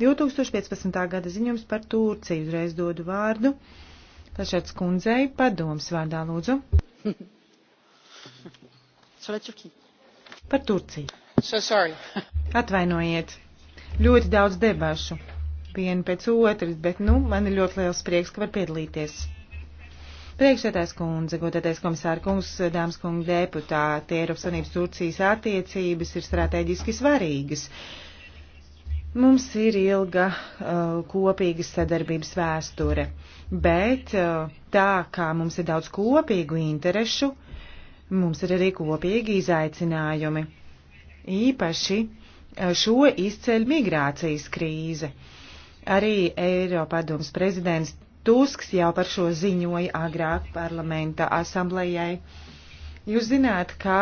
2015. gada ziņojums par Turciju. Uzreiz dodu vārdu Tašats kundzei padoms vārdā, lūdzu. par Turciju. So sorry. Atvainojiet. Ļoti daudz debašu. Vienu pēc otras, bet, nu, man ir ļoti liels prieks, ka var piedalīties. Priekšsētājs kundze, godētais komisāra kungs, dāmas kungi deputāti, Eiropas Savienības Turcijas attiecības ir strateģiski svarīgas. Uh, Mums ir ilga uh, kopīga sadarbības vēsture, bet uh, tā kā mums ir daudz kopīgu interešu, mums ir arī kopīgi izaicinājumi. Īpaši uh, šo izceļ migrācijas krīze. Arī Eiropadoms prezidents Tusks jau par šo ziņoja agrāk parlamenta asamblējai. Jūs zināt, ka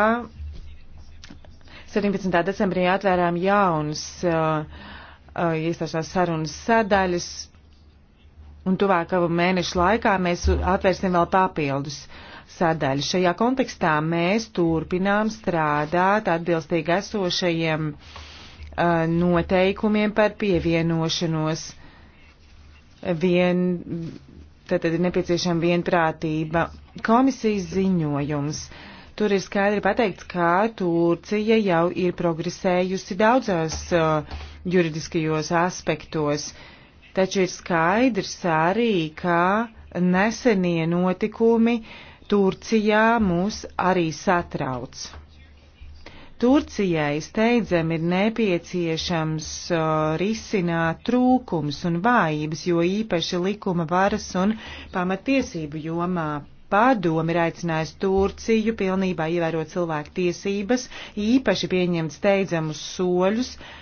17. decembrī atvērām jaunas. Uh, Eh, iestāšanās sarunas sadaļas, un tuvākā mēneša laikā mēs atvērsim vēl papildus sadaļu. Šajā kontekstā mēs turpinām strādāt atbilstīgi esošajiem eh, noteikumiem par pievienošanos. Vien, tad ir nepieciešama vienprātība. Komisijas ziņojums. Tur ir skaidri pateikts, ka Turcija jau ir progresējusi daudzās uh, juridiskajos aspektos, taču ir skaidrs arī, ka nesenie notikumi Turcijā mūs arī satrauc. Turcijai steidzam ir nepieciešams uh, risināt trūkums un vājības, jo īpaši likuma varas un pamatiesību jomā. Padomi ir aicinājis Turciju pilnībā ievērot cilvēku tiesības, īpaši pieņemt steidzamus soļus, uh,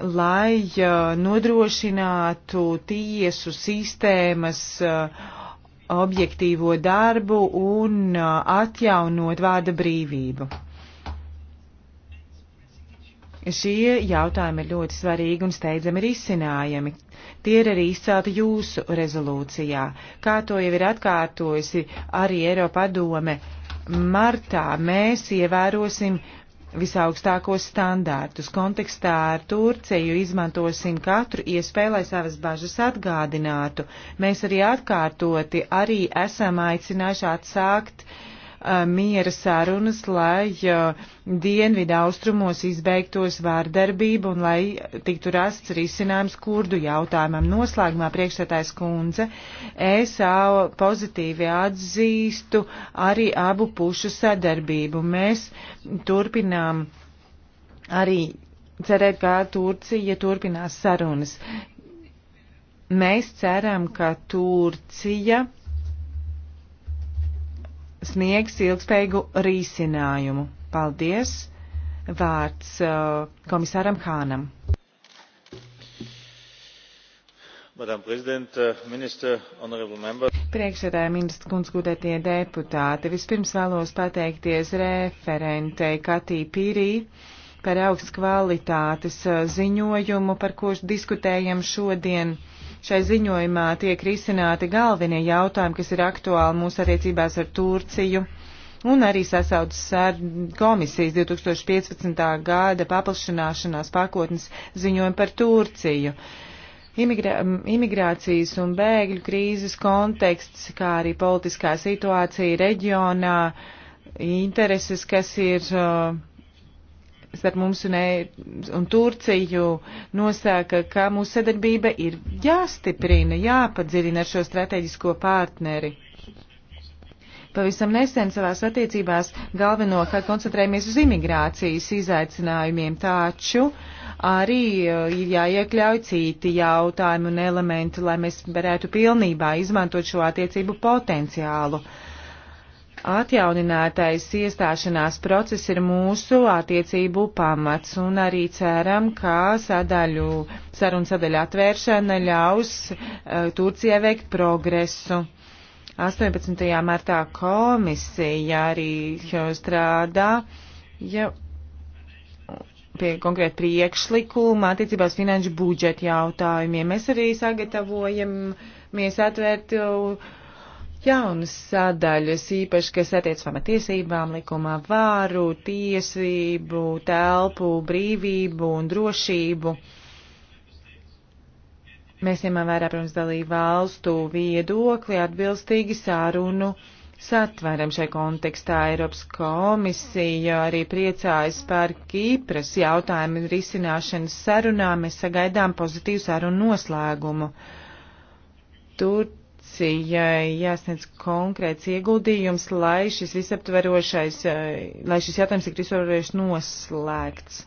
lai uh, nodrošinātu tiesu sistēmas uh, objektīvo darbu un uh, atjaunot vārda brīvību. Šie jautājumi ir ļoti svarīgi un steidzami risinājami. Tie ir arī izcelti jūsu rezolūcijā, kā to jau ir atkārtojusi arī Eiropa padome. Martā mēs ievērosim visaugstākos standārtus. Kontekstā ar Turciju izmantosim katru iespēju, lai savas bažas atgādinātu. Mēs arī atkārtoti arī esam aicinājuši atsākt uh, Eh, miera sarunas, lai eh, dienvidu austrumos izbeigtos vārdarbība un lai tiktu rasts risinājums kurdu jautājumam. Noslēgumā priekšsētājs kundze, es pozitīvi atzīstu arī abu pušu sadarbību. Mēs turpinām arī cerēt, kā Turcija turpinās sarunas. Mēs ceram, ka Turcija sniegs ilgspējīgu risinājumu. Paldies! Vārds uh, komisāram Hānam. Uh, Priekšsēdētāja ministra kundz gudētie deputāti, vispirms vēlos pateikties referentei Katī Pīrī par augsts kvalitātes uh, ziņojumu, par ko diskutējam šodien. Šai ziņojumā tiek risināti galvenie jautājumi, kas ir aktuāli mūsu attiecībās ar Turciju un arī sasaucas ar komisijas 2015. gada paplašanāšanās pakotnes ziņojumu par Turciju. Imigrā, imigrācijas un bēgļu krīzes konteksts, kā arī politiskā situācija reģionā, intereses, kas ir uh, starp mums un, e un Turciju nosaka, ka mūsu sadarbība ir jāstiprina, jāpadziļina ar šo strateģisko partneri. Pavisam nesen savās attiecībās galvenokārt koncentrējamies uz imigrācijas izaicinājumiem, taču arī e, ir jāiekļauj citi jautājumi un elementi, lai mēs varētu pilnībā izmantot šo attiecību potenciālu. Uh, Atjauninātais iestāšanās process ir mūsu attiecību pamats un arī ceram, ka sadaļu, sarunu sadaļu atvēršana ļaus e, Turcijai veikt progresu. 18. martā komisija arī strādā ja, pie konkrēta priekšlikuma attiecībā uz finanšu budžeta jautājumiem. Mēs arī sagatavojamies atvērt jaunas sadaļas, īpaši, kas attiec pamatiesībām, likumā vāru, tiesību, telpu, brīvību un drošību. Mēs ņemam vērā, protams, dalību valstu viedokli atbilstīgi sārunu satveram šai kontekstā Eiropas komisija arī priecājas par Kīpras jautājumu risināšanas sarunām. Mēs sagaidām pozitīvu sarunu noslēgumu. Tur komisijai jāsniedz konkrēts ieguldījums, lai šis visaptverošais, eh, lai šis jautājums ir visaptverošais noslēgts.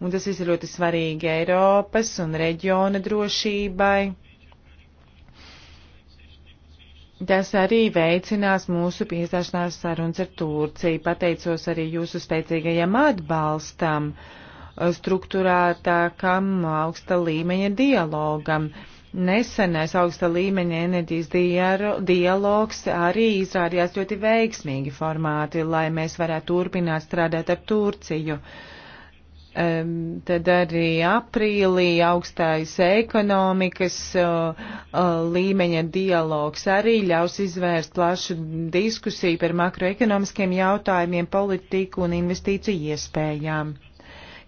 Un tas viss ir ļoti svarīgi Eiropas un reģiona drošībai. Tas arī veicinās mūsu piestāšanās sarunas ar Turciju. Pateicos arī jūsu spēcīgajam atbalstam struktūrētākam augsta līmeņa dialogam. Uh, Nesenais augsta līmeņa enerģijas dialogs arī izrādījās ļoti veiksmīgi formāti, lai mēs varētu turpināt strādāt ar Turciju. Um, tad arī aprīlī augstais ekonomikas uh, uh, līmeņa dialogs arī ļaus izvērst plašu diskusiju par makroekonomiskiem jautājumiem, politiku un investīciju iespējām.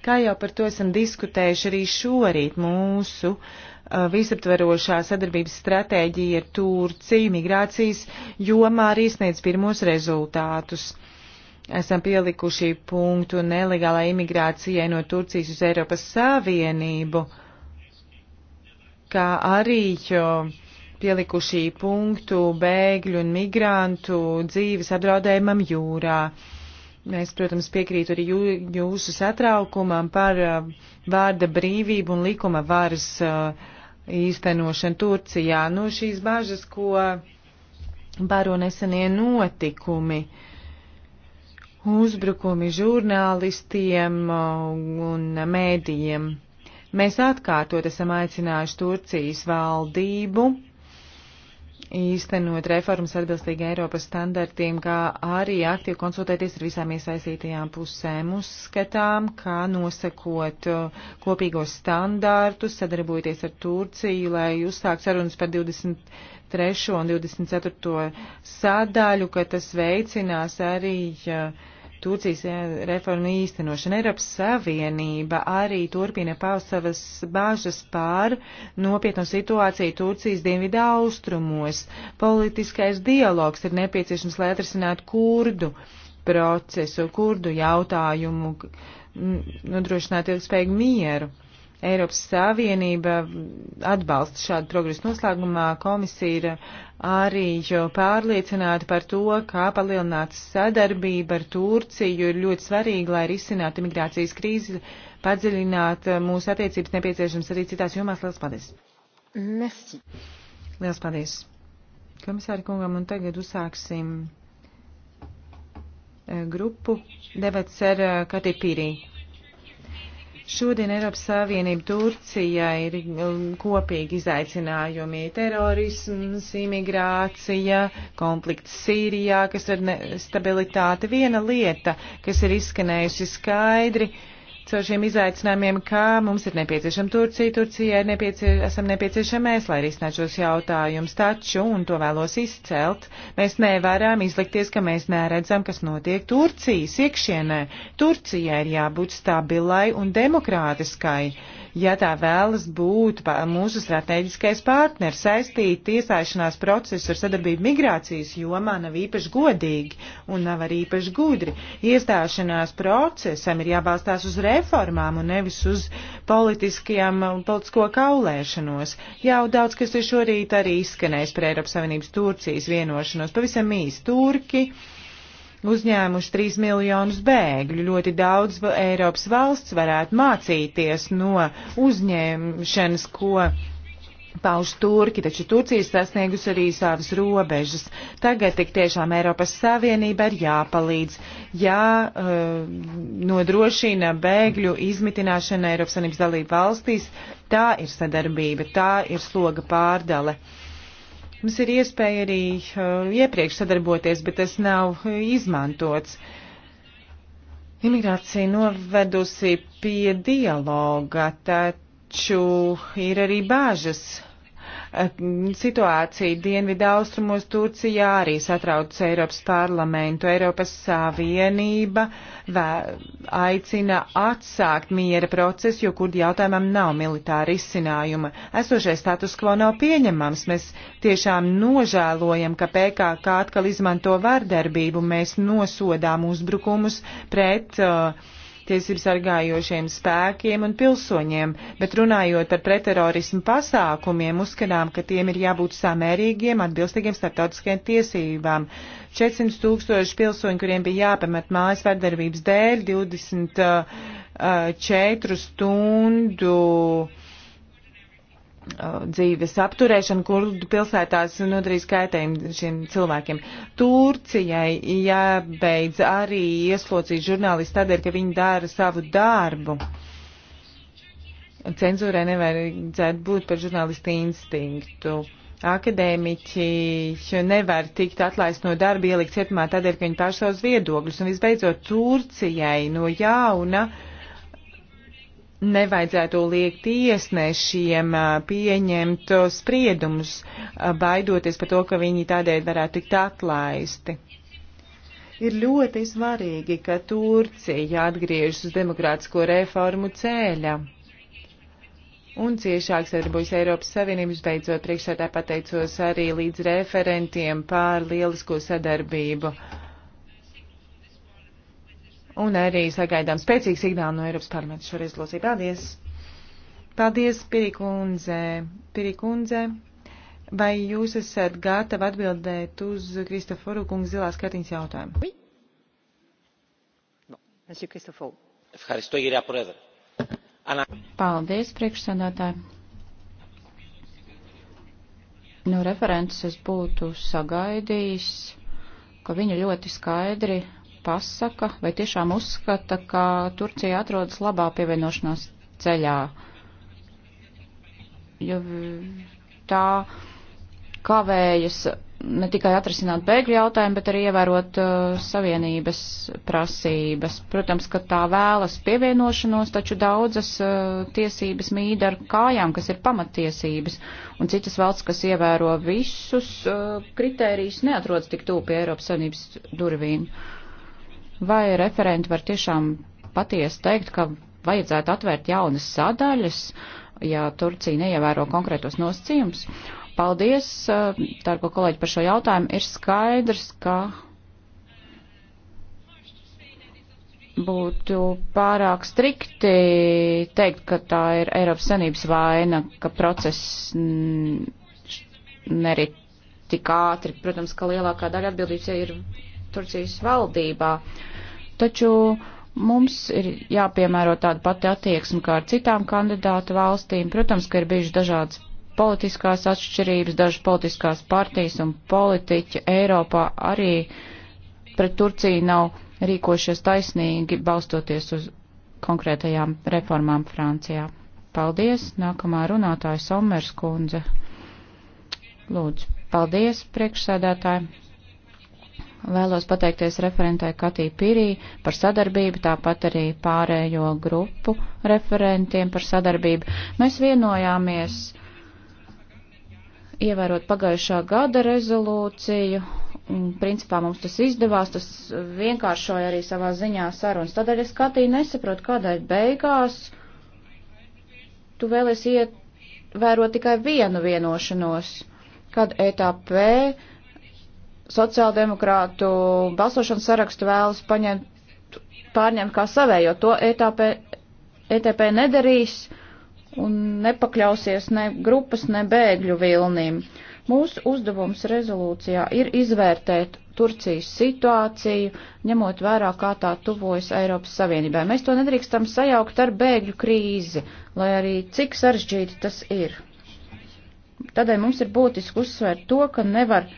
Kā jau par to esam diskutējuši arī šorīt, mūsu uh, visaptverošā sadarbības stratēģija ar Turciju migrācijas jomā arī sniedz pirmos rezultātus. Esam pielikuši punktu nelegālai imigrācijai no Turcijas uz Eiropas Savienību, kā arī pielikuši punktu bēgļu un migrantu dzīves apdraudējumam jūrā. Uh, Mēs, protams, piekrītu arī jū, jūsu satraukumam par uh, vārda brīvību un likuma varas uh, īstenošanu Turcijā. Nu, šīs bažas, ko baro nesenie notikumi, uzbrukumi žurnālistiem uh, un mēdījiem. Mēs atkārtot esam aicinājuši Turcijas valdību īstenot reformas atbilstīgi Eiropas standartiem, kā arī aktīvi konsultēties ar visām iesaistītajām pusēm. Uzskatām, kā nosakot uh, kopīgos standārtus, sadarbojoties ar Turciju, lai uzsākt sarunas par 23. un 24. sadaļu, ka tas veicinās arī uh, Turcijas eh, reformu īstenošanu. Eiropas Savienība arī turpina paust savas bāžas pār nopietnu situāciju Turcijas dienvidā austrumos. Politiskais dialogs ir nepieciešams, lai atrisinātu kurdu procesu, kurdu jautājumu, nodrošinātu ilgspējīgu mieru. Eiropas Savienība atbalsta šādu progresu noslēgumā. Komisija ir arī pārliecināta par to, kā palielināta sadarbība ar Turciju ir ļoti svarīga, lai risinātu imigrācijas krīzi, padziļināt mūsu attiecības nepieciešams arī citās jomās. Lielas paldies! Merci. Lielas paldies! Komisāri kungam, un tagad uzsāksim eh, grupu Devets ar eh, Katipīrī. Šodien Eiropas Savienība Turcija ir um, kopīgi izaicinājumi - terorisms, imigrācija, konflikts Sīrijā, kas ir stabilitāte. Viena lieta, kas ir izskanējusi skaidri, uh, caur šiem izaicinājumiem, kā mums ir nepieciešama Turcija, Turcijai nepiecie, esam nepieciešami mēs, lai risinātu šos jautājumus. Taču, un to vēlos izcelt, mēs nevaram izlikties, ka mēs neredzam, kas notiek Turcijas iekšienē. Turcijai ir jābūt stabilai un demokrātiskai ja tā vēlas būt mūsu strateģiskais partners. Saistīt tiesāšanās procesu ar sadarbību migrācijas jomā nav īpaši godīgi un nav arī īpaši gudri. Iestāšanās procesam ir jābalstās uz reformām un nevis uz politiskajām un politisko kaulēšanos. Jau daudz, kas ir šorīt arī izskanējis par Eiropas Savienības Turcijas vienošanos, pavisam īsti Turki uzņēmuši 3 miljonus bēgļu. Ļoti daudz Eiropas valsts varētu mācīties no uzņemšanas, ko pauž Turki, taču Turcija sasniegus arī savas robežas. Tagad tik tiešām Eiropas Savienība ir jāpalīdz, jā, uh, nodrošina bēgļu izmitināšana Eiropas Savienības dalību valstīs. Tā ir sadarbība, tā ir sloga pārdale. Uh, Mums ir iespēja arī uh, iepriekš sadarboties, bet tas nav uh, izmantots. Imigrācija novedusi pie dialoga, taču ir arī bāžas Situācija dienvidu austrumos Turcijā arī satrauc Eiropas parlamentu. Eiropas Savienība aicina atsākt miera procesu, jo kurdi jautājumam nav militāra izcinājuma. Esošais status quo nav pieņemams. Mēs tiešām nožēlojam, ka PKK atkal izmanto vardarbību. Mēs nosodām uzbrukumus pret uh, tiesību sargājošiem spēkiem un pilsoņiem, bet runājot par preterorismu pasākumiem, uzskatām, ka tiem ir jābūt samērīgiem, atbilstīgiem starptautiskajām tiesībām. 400 tūkstoši pilsoņu, kuriem bija jāpamet mājas vardarbības dēļ, 24 uh, uh, stundu Uh, dzīves apturēšana, kur pilsētās nodarīs kaitējumu šiem cilvēkiem. Turcijai jābeidz arī ieslodzīt žurnālisti tādēļ, ka viņi dara savu darbu. Cenzūrai nevajadzētu būt par žurnālistu instinktu. Akadēmiķi nevar tikt atlaist no darba, ielikt cietumā tādēļ, ka viņi pārstāv savus viedokļus. Un visbeidzot, Turcijai no jauna uh, nevajadzētu liekt tiesnešiem pieņemt spriedumus, baidoties par to, ka viņi tādēļ varētu tikt atlaisti. Ir ļoti svarīgi, ka Turcija atgriežas uz demokrātisko reformu ceļa un ciešāk sadarbojas Eiropas Savienības. Beidzot, priekšsētā pateicos arī līdz referentiem pār lielisko sadarbību. Uh, Un arī sagaidām spēcīgu signālu no Eiropas parlamenta šo rezolūciju. Paldies! Paldies, Pirikundze! Pirikundze, vai jūs esat gatavi atbildēt uz Kristoforu kungu zilās kartiņas jautājumu? Oui. No. Paldies, priekšsēdētāji! No nu, references būtu sagaidījis, ka viņa ļoti skaidri pasaka vai tiešām uzskata, ka Turcija atrodas labā pievienošanās ceļā. Jo tā kavējas ne tikai atrisināt bēgļu jautājumu, bet arī ievērot uh, savienības prasības. Protams, ka tā vēlas pievienošanos, taču daudzas uh, tiesības mīd ar kājām, kas ir pamatiesības, un citas valsts, kas ievēro visus uh, kritērijus, neatrodas tik tūpi Eiropas Savienības durvīm. Uh, Vai referenti var tiešām patiesi teikt, ka vajadzētu atvērt jaunas sadaļas, ja Turcija neievēro konkrētos nosacījumus? Paldies, dargo kolēģi, par šo jautājumu. Ir skaidrs, ka būtu pārāk strikti teikt, ka tā ir Eiropas Sanības vaina, ka process nerit tik ātri. Protams, ka lielākā daļa atbildības ir Turcijas valdībā. Taču mums ir jāpiemēro tāda pati attieksme kā ar citām kandidātu valstīm. Protams, ka ir bijušas dažādas politiskās atšķirības, dažas politiskās partijas un politiķi Eiropā arī pret Turciju nav rīkošies taisnīgi, balstoties uz konkrētajām reformām Francijā. Paldies! Nākamā runātāja Somers kundze. Lūdzu, paldies priekšsēdētāji! Vēlos pateikties referentai Katī Pirī par sadarbību, tāpat arī pārējo grupu referentiem par sadarbību. Mēs vienojāmies ievērot pagājušā gada rezolūciju, un principā mums tas izdevās, tas vienkāršoja arī savā ziņā sarunas. Tādēļ es Katī nesaprotu, kādēļ beigās tu vēlies iet vērot tikai vienu vienošanos, kad ETP sociāldemokrātu balsošanas sarakstu vēlas paņemt, pārņemt kā savējo. To ETP, ETP nedarīs un nepakļausies ne grupas, ne bēgļu vilnīm. Mūsu uzdevums rezolūcijā ir izvērtēt Turcijas situāciju, ņemot vērā, kā tā tuvojas Eiropas Savienībai. Mēs to nedrīkstam sajaukt ar bēgļu krīzi, lai arī cik sarežģīti tas ir. Tādēļ mums ir būtiski uzsvērt to, ka nevar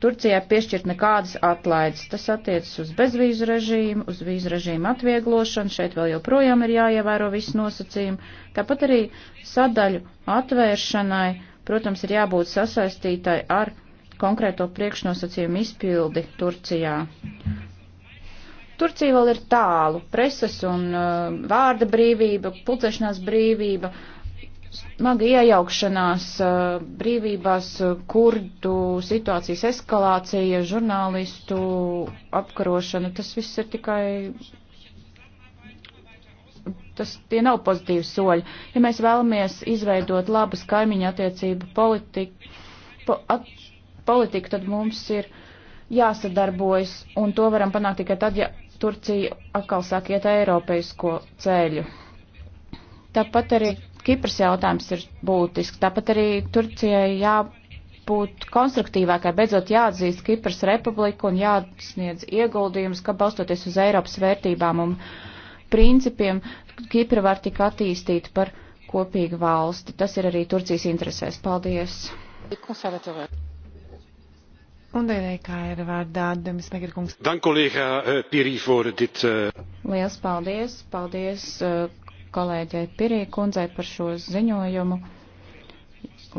Turcijai piešķirt nekādas atlaides. Tas attiecas uz bezvīzu režīmu, uz vīzu režīmu atvieglošanu, šeit vēl joprojām ir jāievēro viss nosacījumi. Tāpat arī sadaļu atvēršanai, protams, ir jābūt sasaistītai ar konkrēto priekšnosacījumu izpildi Turcijā. Turcija vēl ir tālu, preses un uh, vārda brīvība, pulcēšanās brīvība, uh, smaga iejaukšanās eh, brīvībās, eh, kurdu situācijas eskalācija, žurnālistu apkarošana, tas viss ir tikai. Tas tie nav pozitīvi soļi. Ja mēs vēlamies izveidot labas kaimiņa attiecību politiku, po, at, politiku, tad mums ir jāsadarbojas, un to varam panākt tikai tad, ja Turcija atkal sāk iet eiropeisko ceļu. Tāpat arī Kipras jautājums ir būtisks. Tāpat arī Turcijai jābūt konstruktīvākai, beidzot jāatzīst Kipras republiku un jāsniedz ieguldījumus, ka balstoties uz Eiropas vērtībām un principiem, Kipra var tik attīstīt par kopīgu valsti. Tas ir arī Turcijas interesēs. Paldies! Un kā ir vārdā Demis Megarkungs. Dan kolēģa eh, Pirī for dit. Eh, Liels paldies, paldies eh, kolēģei Pirī kundzei par šo ziņojumu.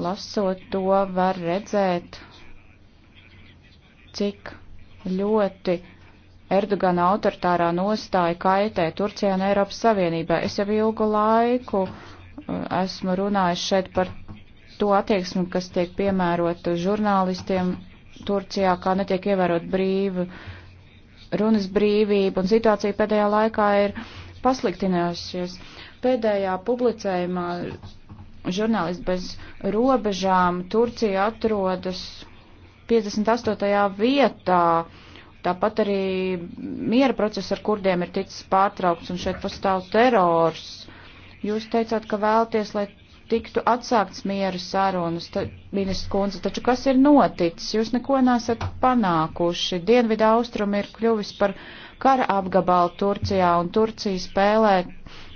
Lasot to, var redzēt, cik ļoti Erdogana autoritārā nostāja kaitē Turcijā un Eiropas Savienībā. Es jau ilgu laiku uh, esmu runājis šeit par to attieksmi, kas tiek piemērota žurnālistiem Turcijā, kā netiek ievērot brīvu runas brīvību, un situācija pēdējā laikā ir pasliktinājušies. Pēdējā publicējumā žurnālisti bez robežām Turcija atrodas 58. vietā. Tāpat arī miera process ar kurdiem ir ticis pārtraukts un šeit pastāv terors. Jūs teicāt, ka vēlties, lai tiktu atsākts miera sarunas, ministrs kundze, taču kas ir noticis? Jūs neko nesat panākuši. Dienvidā austrumi ir kļuvis par kara apgabalu Turcijā, un Turcija spēlē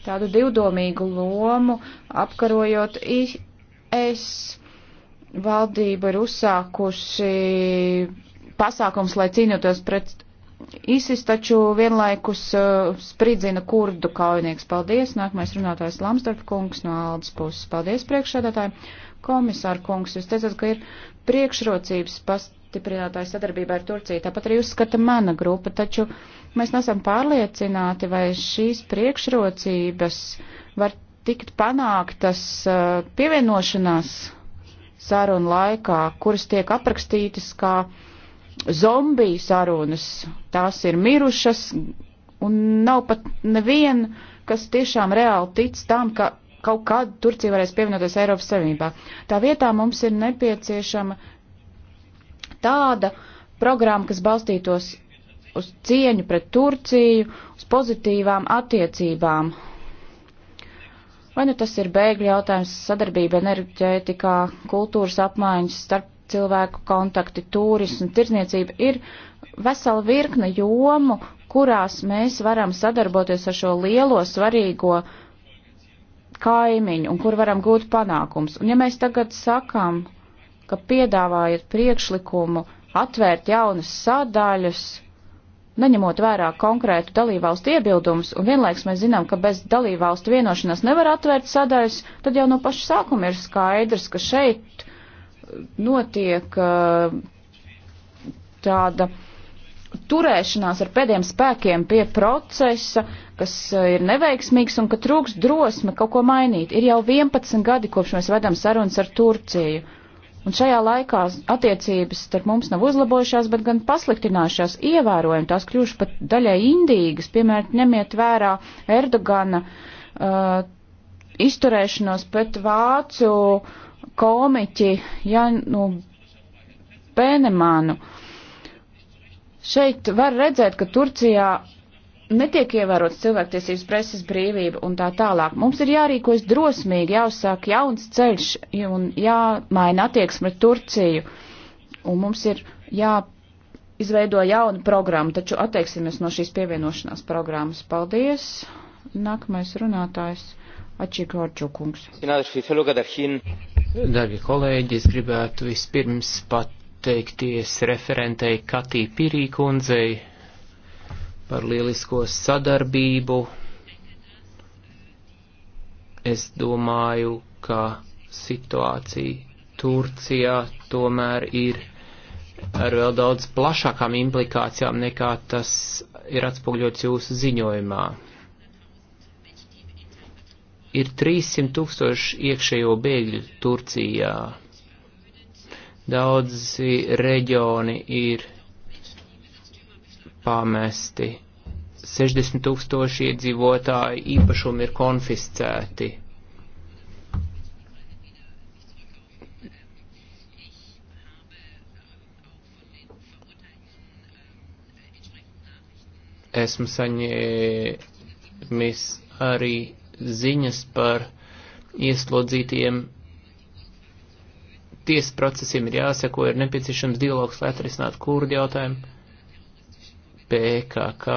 tādu divdomīgu lomu, apkarojot IS valdību ir uzsākuši pasākums, lai cīnītos pret ISIS, taču vienlaikus uh, spridzina kurdu kaujinieks. Paldies! Nākamais runātājs Lamsdorf kungs no Aldas puses. Paldies priekšsēdētāji! Komisāra kungs, jūs teicat, ka ir priekšrocības pastāvēt stiprinātāju sadarbībai ar Turciju. Tāpat arī uzskata mana grupa, taču mēs nesam pārliecināti, vai šīs priekšrocības var tikt panāktas uh, pievienošanās sarunu laikā, kuras tiek aprakstītas kā zombiju sarunas. Tās ir mirušas un nav pat neviena, kas tiešām reāli tic tam, ka kaut kad Turcija varēs pievienoties Eiropas Savienībā. Tā vietā mums ir nepieciešama tāda programma, kas balstītos uz cieņu pret Turciju, uz pozitīvām attiecībām. Vai nu tas ir bēgļu jautājums, sadarbība enerģētikā, kultūras apmaiņas, starp cilvēku kontakti, turismu, tirzniecība, ir vesela virkne jomu, kurās mēs varam sadarboties ar šo lielo svarīgo kaimiņu un kur varam gūt panākums. Un ja mēs tagad sakām, ka piedāvājat priekšlikumu atvērt jaunas sādaļas, neņemot vērā konkrētu dalībvalstu iebildumus, un vienlaiks mēs zinām, ka bez dalībvalstu vienošanās nevar atvērt sadaļas, tad jau no paša sākuma ir skaidrs, ka šeit notiek uh, tāda turēšanās ar pēdējiem spēkiem pie procesa, kas uh, ir neveiksmīgs un ka trūks drosme kaut ko mainīt. Ir jau 11 gadi, kopš mēs vedam sarunas ar Turciju. Un šajā laikā attiecības starp mums nav uzlabojušās, bet gan pasliktinājušās ievērojami. Tās kļūst pat daļai indīgas, piemēram, ņemiet vērā Erdogana uh, izturēšanos pret vācu komiķi Janu Pēnemānu. Šeit var redzēt, ka Turcijā netiek ievērots cilvēktiesības preses brīvība un tā tālāk. Mums ir jārīkojas drosmīgi, jāuzsāk jauns ceļš un jāmaina attieksme pret Turciju. Un mums ir jāizveido jauna programma, taču atteiksimies no šīs pievienošanās programmas. Paldies! Nākamais runātājs Ačikorčukungs. Darbie kolēģi, es gribētu vispirms pateikties referentei Katī Pirī kundzei par lielisko sadarbību. Es domāju, ka situācija Turcijā tomēr ir ar vēl daudz plašākām implikācijām nekā tas ir atspogļots jūsu ziņojumā. Ir 300 tūkstoši iekšējo bēgļu Turcijā. Daudzi reģioni ir pamesti. 60 tūkstoši iedzīvotāji īpašumi ir konfiscēti. Esmu saņēmis arī ziņas par ieslodzītiem tiesas procesiem ir jāseko, ir nepieciešams dialogs, lai atrisinātu kurdu jautājumu. PKK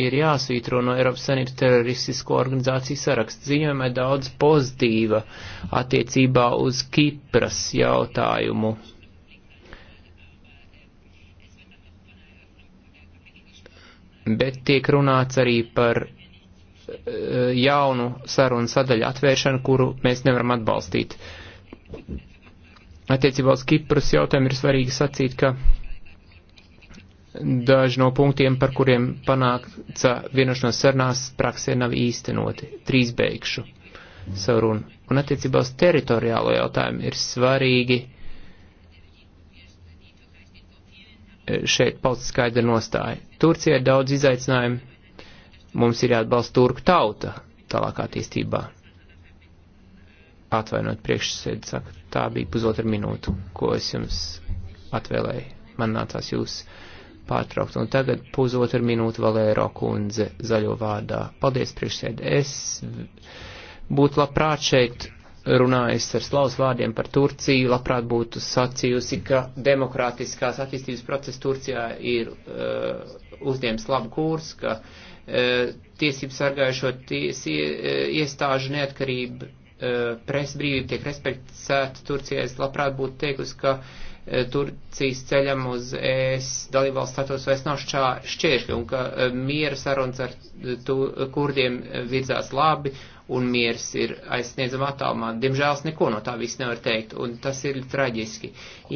ir jāsvītro no Eiropas Savienības teroristisko organizāciju saraksta. Ziņojumā daudz pozitīva attiecībā uz Kipras jautājumu. Bet tiek runāts arī par eh, jaunu sarunu sadaļu atvēršanu, kuru mēs nevaram atbalstīt. Attiecībā uz Kipras jautājumu ir svarīgi sacīt, ka daži no punktiem, par kuriem panāca vienošanās sarunās, praksē nav īstenoti. Trīs beigšu savu runu. Un attiecībā uz teritoriālo jautājumu ir svarīgi eh, šeit paust skaidru nostāju. Turcija ir daudz izaicinājumu. Mums ir jāatbalsta turku tauta tālāk attīstībā. Atvainot priekšsēdi, saka, tā bija pusotra minūte, ko es jums atvēlēju. Man nācās jūs pārtraukt. Un tagad pusotru minūtu Valēro kundze zaļo vārdā. Paldies, priekšsēd. Es būtu labprāt šeit runājis ar slavas vārdiem par Turciju, labprāt būtu sacījusi, ka demokrātiskās attīstības process Turcijā ir uh, uzņēmis labu kursu, ka uh, tiesību sargājušo tiesi, uh, iestāžu neatkarība, uh, presbrīvība tiek respektēta Turcijā. Es labprāt būtu teikusi, ka uh, Eh, Turcijas ceļam uz ES dalībvalsts status vairs nav šķēršļi un ka eh, miera sarunas ar eh, tu, kurdiem virzās labi un miers ir aizsniedzama attālumā. Diemžēl neko no tā viss nevar teikt un tas ir traģiski.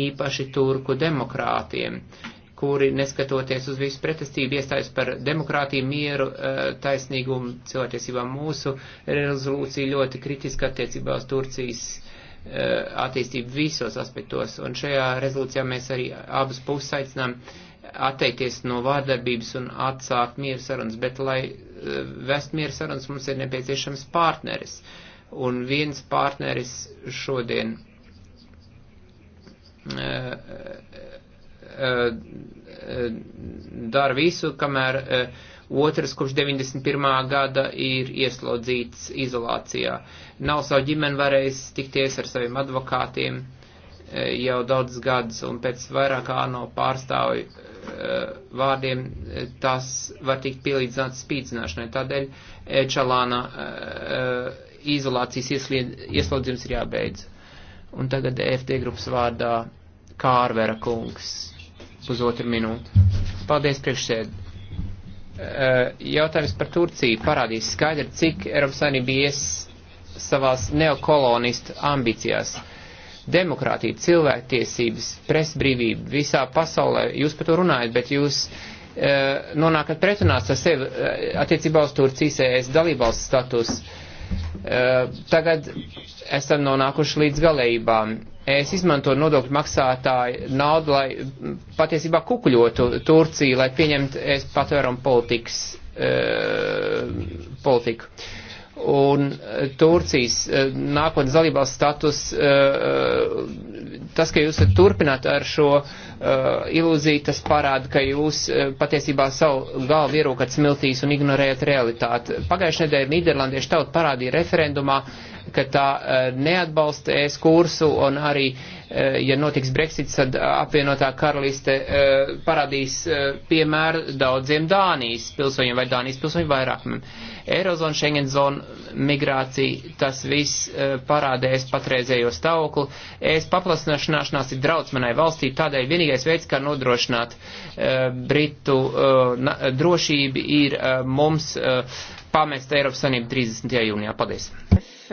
Īpaši turku demokrātiem, kuri neskatoties uz visu pretestību iestājas par demokrātiju, mieru, taisnīgumu, cilvēktiesībām mūsu rezolūcija ļoti kritiska attiecībā uz Turcijas Eh, attīstību visos aspektos, un šajā rezolūcijā mēs arī abas puses aicinām atteikties no vārdarbības un atsākt mieru sarunas, bet lai eh, vest mieru sarunas mums ir nepieciešams partneris. Un viens partneris šodien eh, dara visu, kamēr otrs kopš 91. gada ir ieslodzīts izolācijā. Nav savu ģimeni varējis tikties ar saviem advokātiem e, jau daudz gadus, un pēc vairākā no pārstāvju e, vārdiem e, tas var tikt pielīdzināts spīdzināšanai. Tādēļ Čalāna izolācijas ieslodzījums ir jābeidz. Un tagad EFT grupas vārdā Kārvera kungs. Pusotru minūti. Paldies priekšsēd. Eh, jautājums par Turciju parādīs skaidri, cik Eiropas Savienība ies savās neokolonistu ambīcijās. Demokrātija, cilvēktiesības, presbrīvība visā pasaulē, jūs par to runājat, bet jūs uh, nonākat pretunās ar sevi uh, attiecībā uz Turcijas ES dalībvalsts status. Uh, tagad esam nonākuši līdz galējībām. Uh, es izmantoju nodokļu maksātāju naudu, lai patiesībā kukuļotu Turciju, lai pieņemtu es patvērumu politikas, e, politiku. Un e, Turcijas e, nākotnes dalībās status, e, e, tas, ka jūs turpināt ar šo e, ilūziju, tas parāda, ka jūs e, patiesībā savu galvu ierūkat smiltīs un ignorējat realitāti. Pagājušajā nedēļā Nīderlandiešu tauta parādīja referendumā, e, ka tā e, neatbalsta ES kursu un arī, e, ja notiks Brexits, tad e, apvienotā karaliste parādīs piemēru daudziem Dānijas pilsoņiem vai Dānijas pilsoņiem vairāk. Eirozona, Schengen zona, migrācija, tas viss parāda ES patreizējo stāvokli. ES paplasināšanāšanās ir draudz manai valstī, tādēļ vienīgais veids, kā nodrošināt Britu drošību, ir mums pamest Eiropas Sanību 30. jūnijā. Paldies!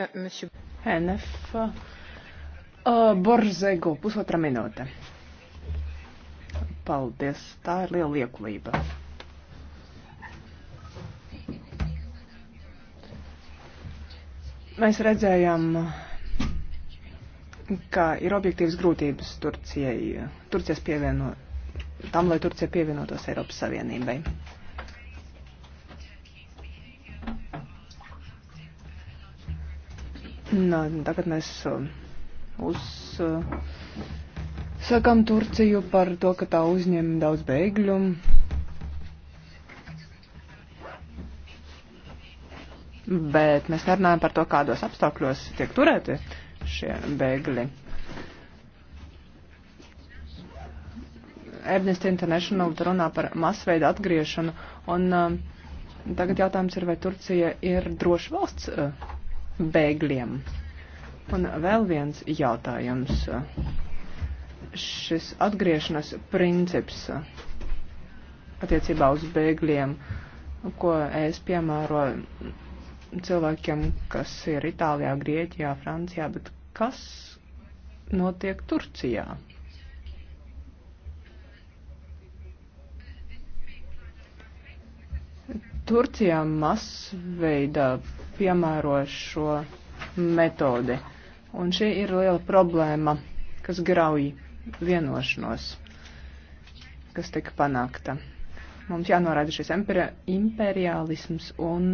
NF. Borzego, pusotra minūte. Paldies, tā ir liela liekulība. Mēs redzējām, ka ir objektīvas grūtības Turcijai, Turcijas pievieno, tam, lai Turcija pievienotos Eiropas Savienībai. Nā, tagad mēs uh, uzsakām uh, Turciju par to, ka tā uzņem daudz bēgļu. Bet mēs nerunājam par to, kādos apstākļos tiek turēti šie bēgļi. Amnesty International runā par masveidu atgriešanu, un um, tagad jautājums ir, vai Turcija ir droša valsts uh, bēgļiem. Un vēl viens jautājums. Šis atgriešanas princips attiecībā uz bēgļiem, ko es piemēroju cilvēkiem, kas ir Itālijā, Grieķijā, Francijā, bet kas notiek Turcijā? Turcijā masveida piemēro šo metodi. Un šī ir liela problēma, kas grauj vienošanos, kas tika panākta. Mums jānorāda šis imperialisms un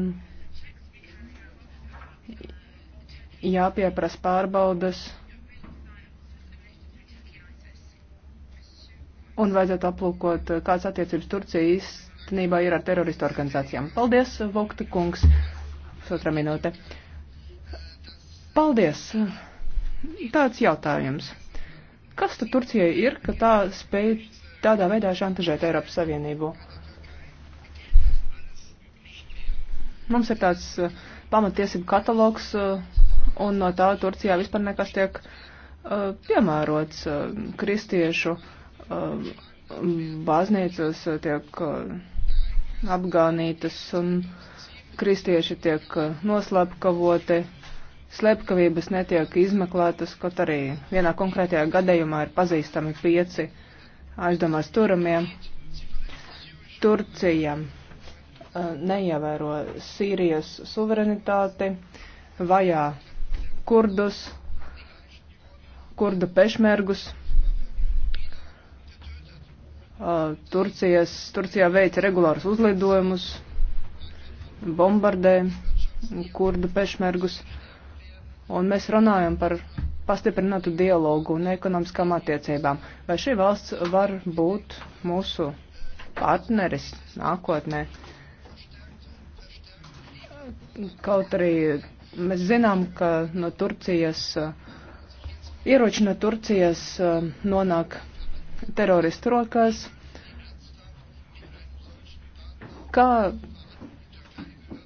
jāpieprasa pārbaudas un vajadzētu aplūkot, kādas attiecības Turcija īstenībā ir ar teroristu organizācijām. Paldies, Vokta kungs! pusotra minūte. Paldies! Tāds jautājums. Kas tad Turcijai ir, ka tā spēj tādā veidā šantažēt Eiropas Savienību? Mums ir tāds uh, pamatiesību katalogs, uh, un no tā Turcijā vispār nekas tiek uh, piemērots kristiešu baznīcas tiek apgānītas un uh, kristieši tiek eh, noslapkavoti, slepkavības netiek izmeklētas, kaut arī vienā konkrētajā gadījumā ir pazīstami pieci aizdomās turamie. Turcija eh, neievēro Sīrijas suverenitāti, vajā kurdus, kurdu pešmergus. Eh, Turcijas, Turcijā veica regulārus uzlidojumus, bombardē kurdu pešmergus, un mēs runājam par pastiprinātu dialogu un ekonomiskām attiecībām. Vai šī valsts var būt mūsu partneris nākotnē? Kaut arī mēs zinām, ka no Turcijas, ieroči no Turcijas nonāk teroristu rokās. Kā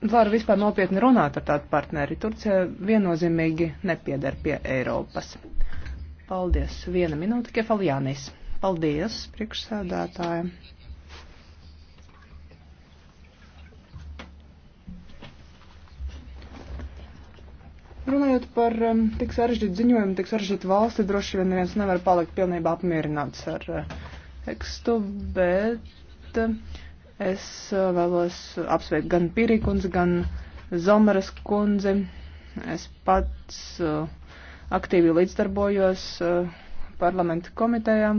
varu vispār nopietni runāt ar tādu partneri. Turcija viennozīmīgi nepiedar pie Eiropas. Paldies. Viena minūte, Kefaljānis. Paldies, priekšsēdētāja. Runājot par um, tik sarežģītu ziņojumu, tik sarežģītu valsti, droši vien neviens nevar palikt pilnībā apmierināts ar uh, tekstu, bet uh, Es uh, vēlos apsveikt gan Pirikundzi, gan Zomeras kundzi. Es pats uh, aktīvi līdzdarbojos uh, parlamenta komitejā,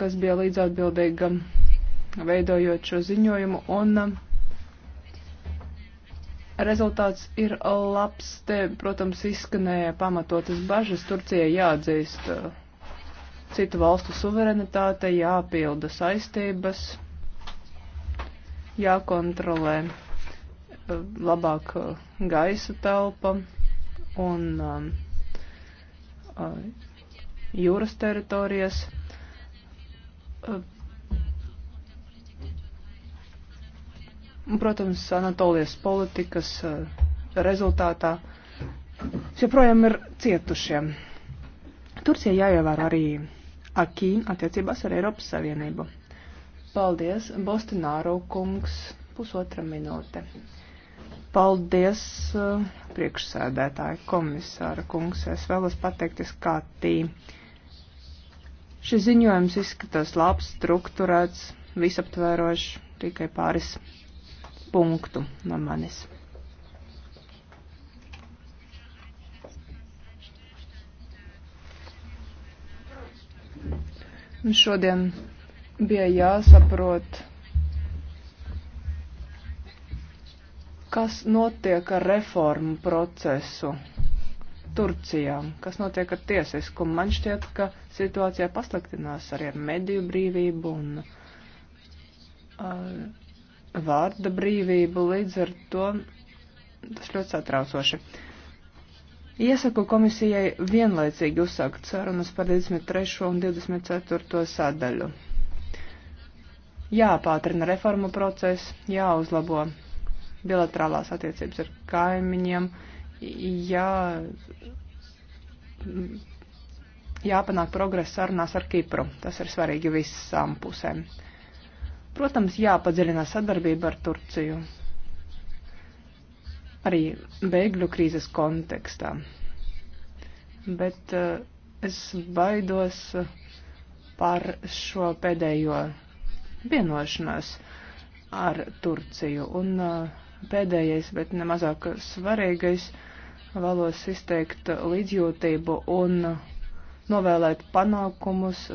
kas bija līdzatbildīga veidojot šo ziņojumu, un rezultāts ir labs. Te, protams, izskanēja pamatotas bažas. Turcijai jāatzīst citu valstu suverenitāte, jāpilda saistības jākontrolē eh, labāk eh, gaisa telpa un um, eh, jūras teritorijas. Protams, Anatolijas politikas rezultātā joprojām ir cietušie. Turcija jāievēro arī akī attiecībās ar Eiropas Savienību. Paldies, Bostināro kungs, pusotra minūte. Paldies, uh, priekšsēdētāji komisāra kungs, es vēlos pateikties kā tī. Šis ziņojums izskatās labs, strukturēts, visaptvērošs, tikai pāris punktu no manis. Un šodien bija jāsaprot, kas notiek ar reformu procesu Turcijā, kas notiek ar tiesiskumu. Man šķiet, ka situācija pasliktinās arī ar mediju brīvību un uh, vārda brīvību, līdz ar to tas ļoti satraucoši. Iesaku komisijai vienlaicīgi uzsākt sarunas par 23. un 24. sadaļu jāpātrina reformu procesu, jāuzlabo bilaterālās attiecības ar kaimiņiem, jā, jāpanāk progress sarunās ar Kipru. Tas ir svarīgi visām pusēm. Protams, jāpadziļina sadarbība ar Turciju. Arī bēgļu krīzes kontekstā. Bet uh, es baidos eh, par šo pēdējo vienošanās ar Turciju. Un uh, pēdējais, bet nemazāk svarīgais, vēlos izteikt līdzjūtību un novēlēt panākumus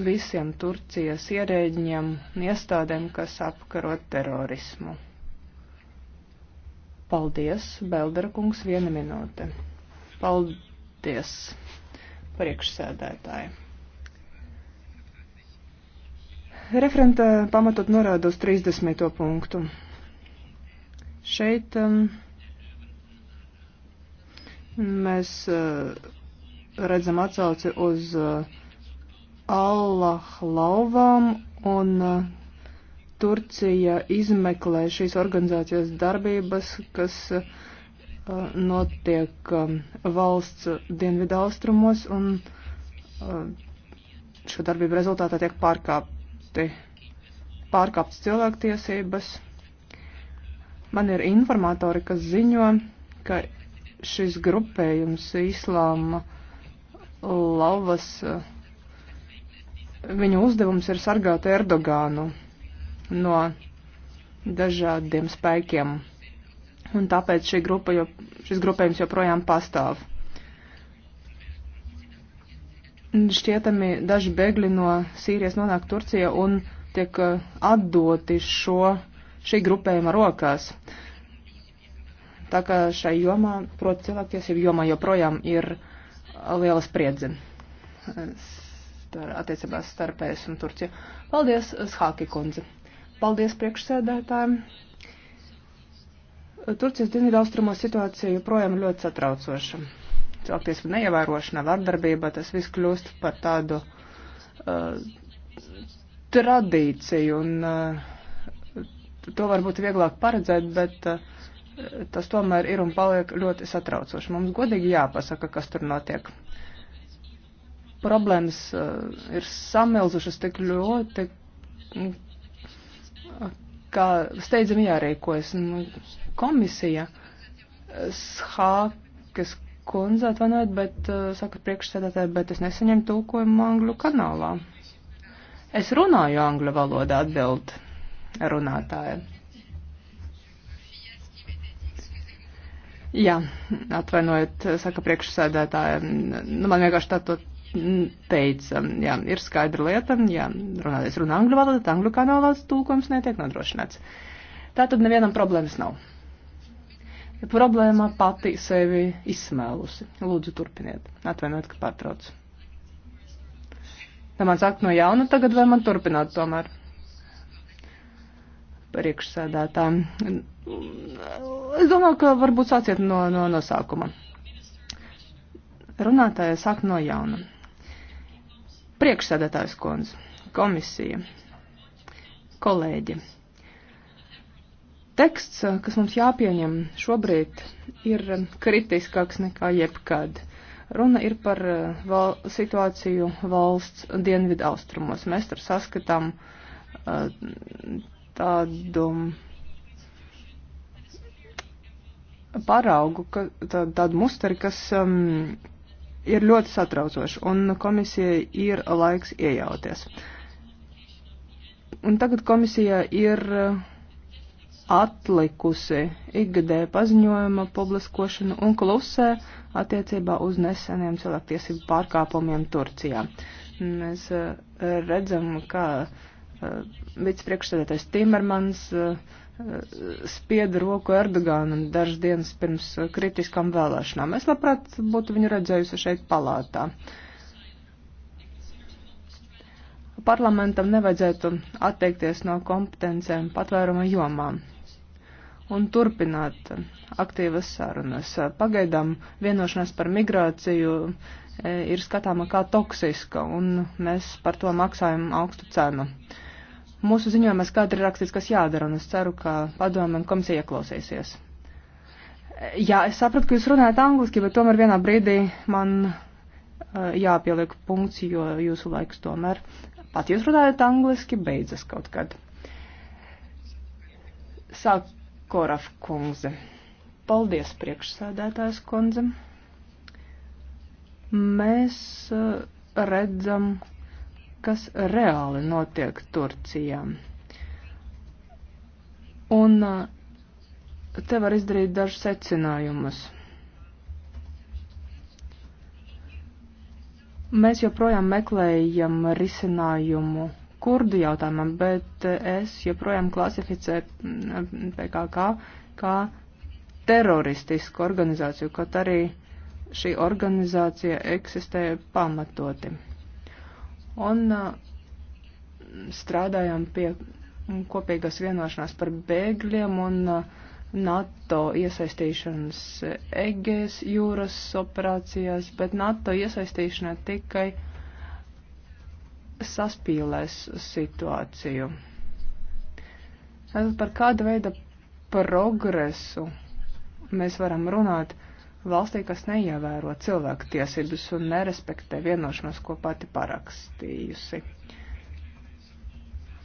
visiem Turcijas ierēģiem un iestādēm, kas apkaro terorismu. Paldies, Belderkungs, viena minūte. Paldies, priekšsēdētāji. Referenta pamatot norāda uz 30. punktu. Šeit um, mēs uh, redzam atsauci uz uh, Allah lauvām un uh, Turcija izmeklē šīs organizācijas darbības, kas uh, notiek uh, valsts dienvidaustrumos un uh, šo darbību rezultātā tiek pārkāpta tieši pārkāptas cilvēktiesības. Man ir informatori, kas ziņo, ka šis grupējums islāma lavas, eh, viņu uzdevums ir sargāt Erdogānu no dažādiem spēkiem. Un tāpēc šī grupa, jo, šis grupējums joprojām pastāv. Šķietami daži bēgļi no Sīrijas nonāk Turcija un tiek eh, atdoti šo, šī grupējuma rokās. Tā kā šai jomā, proti cilvēktiesību jomā joprojām ir eh, liela spriedze eh, attiecībās starp ES un Turciju. Paldies, Shāki kundze. Paldies priekšsēdētājiem. Turcijas dienvidaustrumos situācija joprojām ļoti satraucoša cilvēktiesību neievērošana, vardarbība, tas viss kļūst par tādu uh, tradīciju, un uh, to varbūt vieglāk paredzēt, bet uh, tas tomēr ir un paliek ļoti satraucoši. Mums godīgi jāpasaka, kas tur notiek. Problēmas uh, ir samilzušas tik ļoti, kā steidzami jārīkojas. Nu, komisija uh, Shākas kundze, atvainojiet, bet uh, saka priekšsēdētāji, bet es nesaņemu tulkojumu angļu kanālā. Es runāju angļu valodā atbild runātāja. Jā, atvainojiet, saka priekšsēdētāja. Nu, man vienkārši tā to teica. Jā, ir skaidra lieta. Jā, runāties runā angļu valodā, angļu kanālās tulkojums netiek nodrošināts. Tā tad nevienam problēmas nav ja problēma pati sevi izsmēlusi. Lūdzu, turpiniet. Atvainojiet, ka pārtraucu. Vai man sākt no jauna tagad, vai man turpināt tomēr? Priekšsēdētā. Es domāju, ka varbūt sāciet no, no, no sākuma. Runātāja sāk no jauna. Priekšsēdētājs kundze, komisija, kolēģi teksts, eh, kas mums jāpieņem šobrīd, ir kritiskāks nekā jebkad. Runa ir par eh, val situāciju valsts dienvidu austrumos. Mēs tur saskatām eh, tādu paraugu, ka, tā, tādu musteri, kas um, ir ļoti satraucoši, un komisijai ir laiks iejauties. Un tagad komisijā ir uh, atlikusi ikgadēja paziņojuma publiskošanu un klusē attiecībā uz neseniem cilvēktiesību pārkāpumiem Turcijā. Mēs eh, redzam, ka eh, vicepriekšsēdētais Timermans eh, spieda roku Erdoganam dažas dienas pirms kritiskām vēlēšanām. Es labprāt būtu viņu redzējusi šeit palātā. Parlamentam nevajadzētu atteikties no kompetencēm patvēruma jomām un turpināt aktīvas sarunas. Pagaidām vienošanās par migrāciju e, ir skatāma kā toksiska, un mēs par to maksājam augstu cenu. Mūsu ziņojumā skaidri ir rakstīts, kas jādara, un es ceru, ka padomē un komisija ieklausīsies. E, jā, es sapratu, ka jūs runājat angliski, bet tomēr vienā brīdī man uh, jāpieliek punkts, jo jūsu laiks tomēr, pat jūs runājat angliski, beidzas kaut kad. Sāk Koraf kungze. Paldies, priekšsēdētājs kundze. Mēs uh, redzam, kas reāli notiek Turcijā. Un uh, te var izdarīt dažus secinājumus. Mēs joprojām meklējam risinājumu kurdu jautājumam, bet eh, es joprojām klasificēju mm, PKK kā teroristisku organizāciju, kaut arī šī organizācija eksistē pamatoti. Un eh, strādājam pie kopīgas vienošanās par bēgļiem un eh, NATO iesaistīšanas Egejas jūras operācijās, bet NATO iesaistīšana tikai saspīlēs situāciju. Tātad par kādu veidu progresu mēs varam runāt valstī, kas neievēro cilvēktiesības un nerespektē vienošanos, ko pati parakstījusi.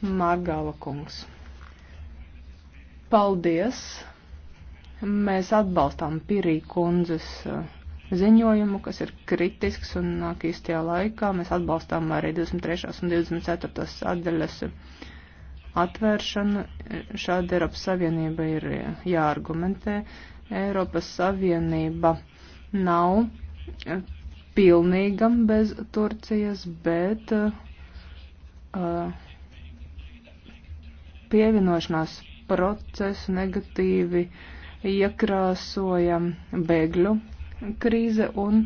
Margāla kungs. Paldies! Mēs atbalstām Pirī kundzes uh, ziņojumu, kas ir kritisks un nāk īstajā laikā. Mēs atbalstām arī 23. un 24. sadaļas atvēršanu. Šāda Eiropas Savienība ir jāargumentē. Eiropas Savienība nav pilnīgam bez Turcijas, bet uh, pievienošanās procesu negatīvi iekrāsoja bēgļu krīze un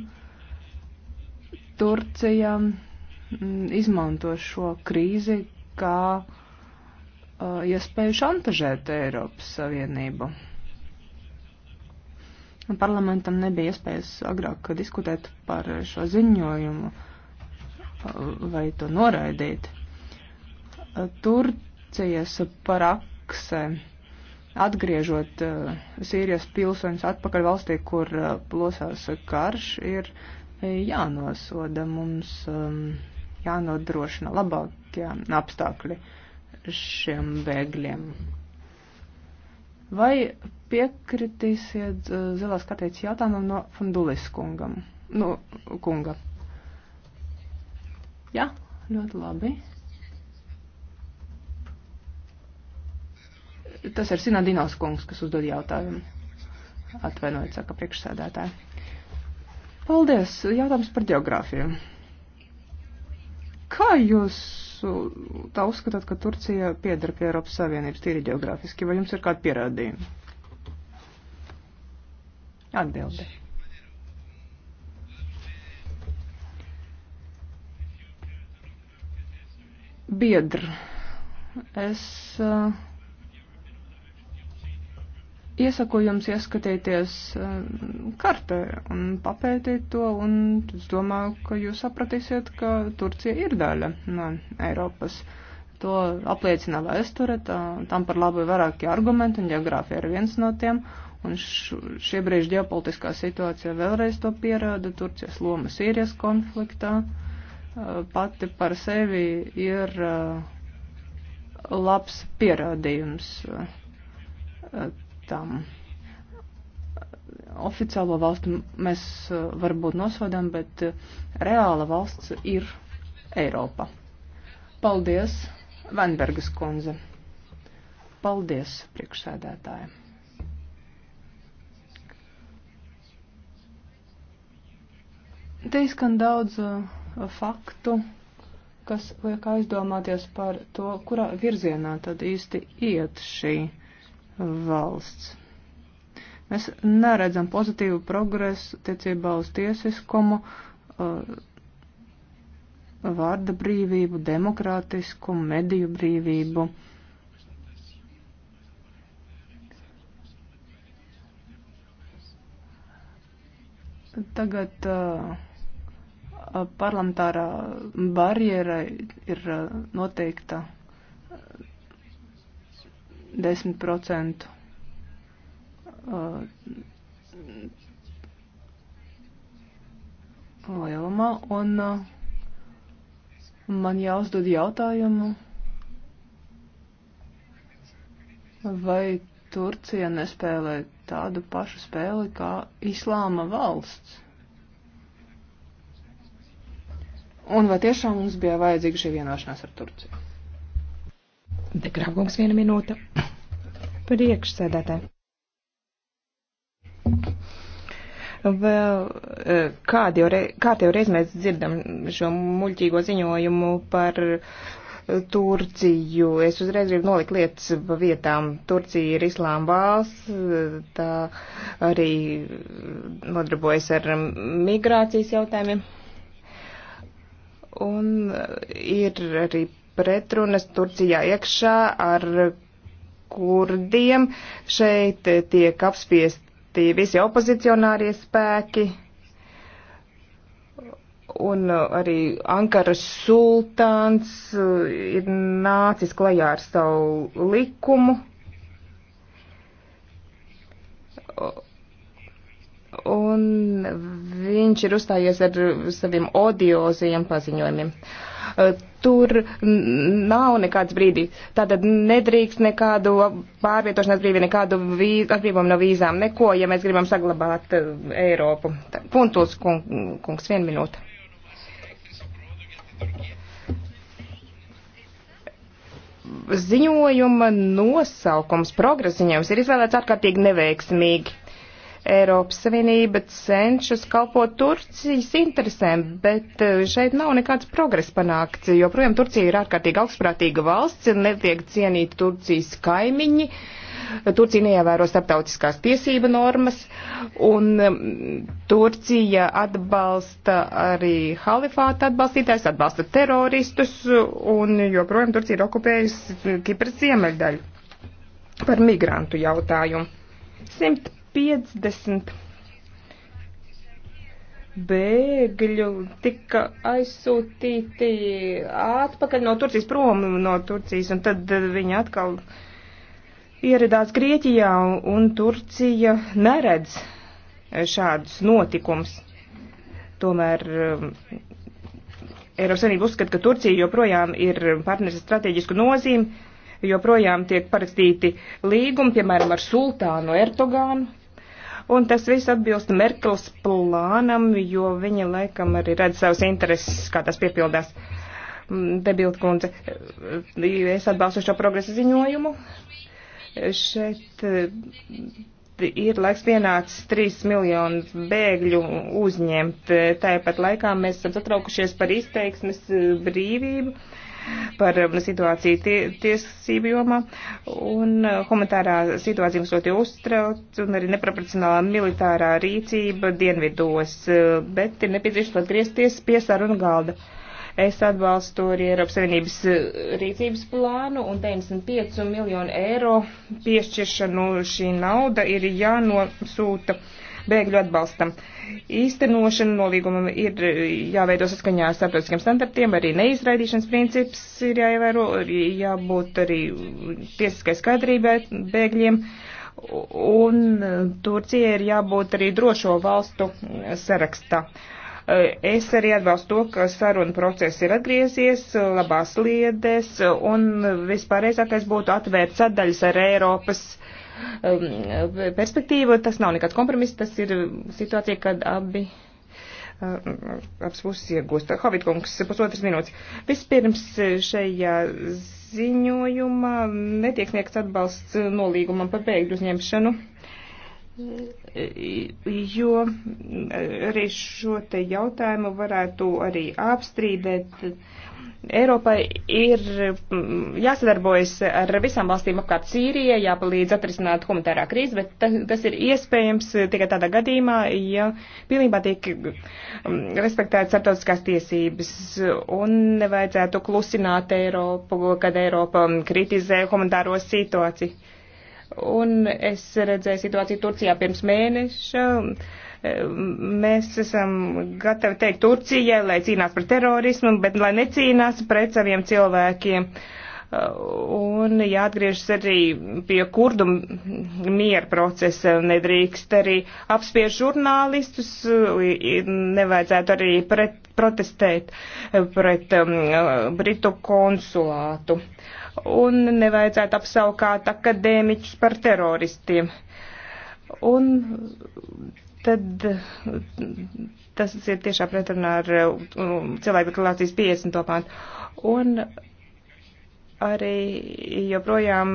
Turcija mm, izmanto šo krīzi kā iespēju šantažēt Eiropas Savienību. Parlamentam nebija iespējas agrāk diskutēt par šo ziņojumu vai to noraidīt. Turcijas parakse atgriežot uh, Sīrijas pilsoņus atpakaļ valstī, kur uh, plosās karš, ir eh, jānosoda mums, um, jānodrošina labākie apstākļi šiem bēgļiem. Vai piekritīsiet uh, zilās kartītes jautājumam no Fundulis kungam? Nu, kunga. Jā, ļoti labi. Tas ir Sinadinos kungs, kas uzdod jautājumu. Atvainojiet, saka priekšsēdētāji. Paldies! Jautājums par geogrāfiju. Kā jūs tā uzskatāt, ka Turcija piedara pie Eiropas Savienības tīri geogrāfiski, vai jums ir kādi pierādījumi? Atbildi. Biedr. Es uh, Iesaku jums ieskatīties eh, kartē un papētīt to, un es domāju, ka jūs sapratīsiet, ka Turcija ir daļa no Eiropas. To apliecina vēsture, tā, tam par labu ir vairākie argumenti, un geogrāfija ir viens no tiem, un š, šie brīži ģeopolitiskā situācija vēlreiz to pierāda, Turcijas loma Sīrijas konfliktā eh, pati par sevi ir eh, labs pierādījums tam. Oficiālo valstu mēs eh, varbūt nosodām, bet eh, reāla valsts ir Eiropa. Paldies, Vanbergas kundze. Paldies, priekšsēdētāji. Te izskan daudz uh, faktu, kas liek aizdomāties par to, kurā virzienā tad īsti iet šī valsts. Mēs neredzam pozitīvu progresu tiecībā uz tiesiskumu, uh, vārda brīvību, demokrātiskumu, mediju brīvību. Tagad uh, parlamentārā barjera ir uh, noteikta 10% uh, lielumā, un uh, man jāuzdod jautājumu, vai Turcija nespēlē tādu pašu spēli kā Islāma valsts. Un vai tiešām mums bija vajadzīga šī vienošanās ar Turciju? Degrāvkungs viena minūte. Priekšsēdētē. Vēl eh, kādi jau, re, kādi jau reiz mēs dzirdam šo muļķīgo ziņojumu par eh, Turciju. Es uzreiz gribu nolikt lietas pa vietām. Turcija ir islāma valsts, tā arī nodarbojas ar migrācijas jautājumiem. Un ir arī pretrunas Turcijā iekšā ar kurdiem. Šeit tiek apspiesti visi opozicionārie spēki. Un arī Ankaras sultāns eh, ir nācis klajā ar savu likumu. Un viņš ir uzstājies ar saviem odiozajiem paziņojumiem. Uh, Eh, tur nav nekāds brīdis. Tātad nedrīkst nekādu pārvietošanās brīvi, nekādu atbrīvumu no vīzām, neko, ja mēs gribam saglabāt eh, Eiropu. Puntuls kungs, viena minūte. Ziņojuma nosaukums, progresa ziņojums ir izvēlēts ārkārtīgi neveiksmīgi Eiropas Savienība cenšas kalpot Turcijas interesēm, bet eh, šeit nav nekāds progress panākts, jo, protams, Turcija ir ārkārtīgi augstprātīga valsts, netiek cienīti Turcijas kaimiņi. Turcija neievēro starptautiskās tiesība normas, un mm, Turcija atbalsta arī halifāta atbalstītājs, atbalsta teroristus, un joprojām Turcija ir okupējusi Kipras ziemeļdaļu par migrantu jautājumu. 100 50 bēgļu tika aizsūtīti atpakaļ no Turcijas, prom no Turcijas, un tad eh, viņi atkal ieradās Grieķijā, un Turcija neredz eh, šādus notikumus. Tomēr eh, Eiropas Savienība uzskata, ka Turcija joprojām ir partneris strateģisku nozīmi, joprojām tiek parakstīti līgumi, piemēram, ar sultānu Erdogānu, Un tas viss atbilst Merkels plānam, jo viņa laikam arī redz savas intereses, kā tas piepildās. Mm, debilt kundze, es atbalstu šo progresa ziņojumu. Šeit eh, ir laiks pienācis 3 miljonu bēgļu uzņemt. Tāpat laikā mēs esam satraukušies par izteiksmes eh, brīvību. Uh, par um, situāciju tie, tiesību jomā. Un uh, humanitārā situācija mums ļoti uztrauc un arī neproporcionālā militārā rīcība dienvidos, uh, bet ir nepieciešams atgriezties pie sarunu galda. Es atbalstu arī Eiropas Savienības uh, rīcības plānu un 95 miljonu eiro piešķiršanu šī nauda ir jānosūta. Ja bēgļu atbalstam. Īstenošana nolīgumam ir eh, jāveido saskaņā ar starptautiskiem standartiem, arī neizraidīšanas princips ir jāievēro, jābūt arī tiesiskai skaidrībai bēgļiem. Un eh, Turcija ir jābūt arī drošo valstu sarakstā. Eh, es arī atbalstu to, ka saruna process ir atgriezies labās liedēs un vispārējais būtu atvērt sadaļas ar Eiropas uh, Um, perspektīva. Tas nav nekāds kompromiss, tas ir situācija, kad abi uh, apspūs iegūst. Hovitkungs, pusotras minūtes. Vispirms šajā ziņojumā netiek sniegts atbalsts nolīgumam par bēgļu uzņemšanu, jo arī šo te jautājumu varētu arī apstrīdēt Eiropai ir mm, jāsadarbojas ar visām valstīm apkārt Sīrijai, jāpalīdz atrisināt humanitārā krīze, bet tas ir iespējams tikai tādā gadījumā, ja pilnībā tiek mm, respektētas starptautiskās tiesības un nevajadzētu klusināt Eiropu, kad Eiropa mm, kritizē humanitāro situāciju. Un es redzēju situāciju Turcijā pirms mēneša. Mēs esam gatavi teikt Turcijai, lai cīnās par terorismu, bet lai necīnās pret saviem cilvēkiem. Un jāatgriežas arī pie kurdu miera procesa. Nedrīkst arī apspiešt žurnālistus, nevajadzētu arī pret, protestēt pret um, Britu konsulātu. Un nevajadzētu apsaukāt akadēmiķus par teroristiem. Un tad tas ir tiešā pretrunā ar um, cilvēku deklarācijas 50. pāntu. Un arī joprojām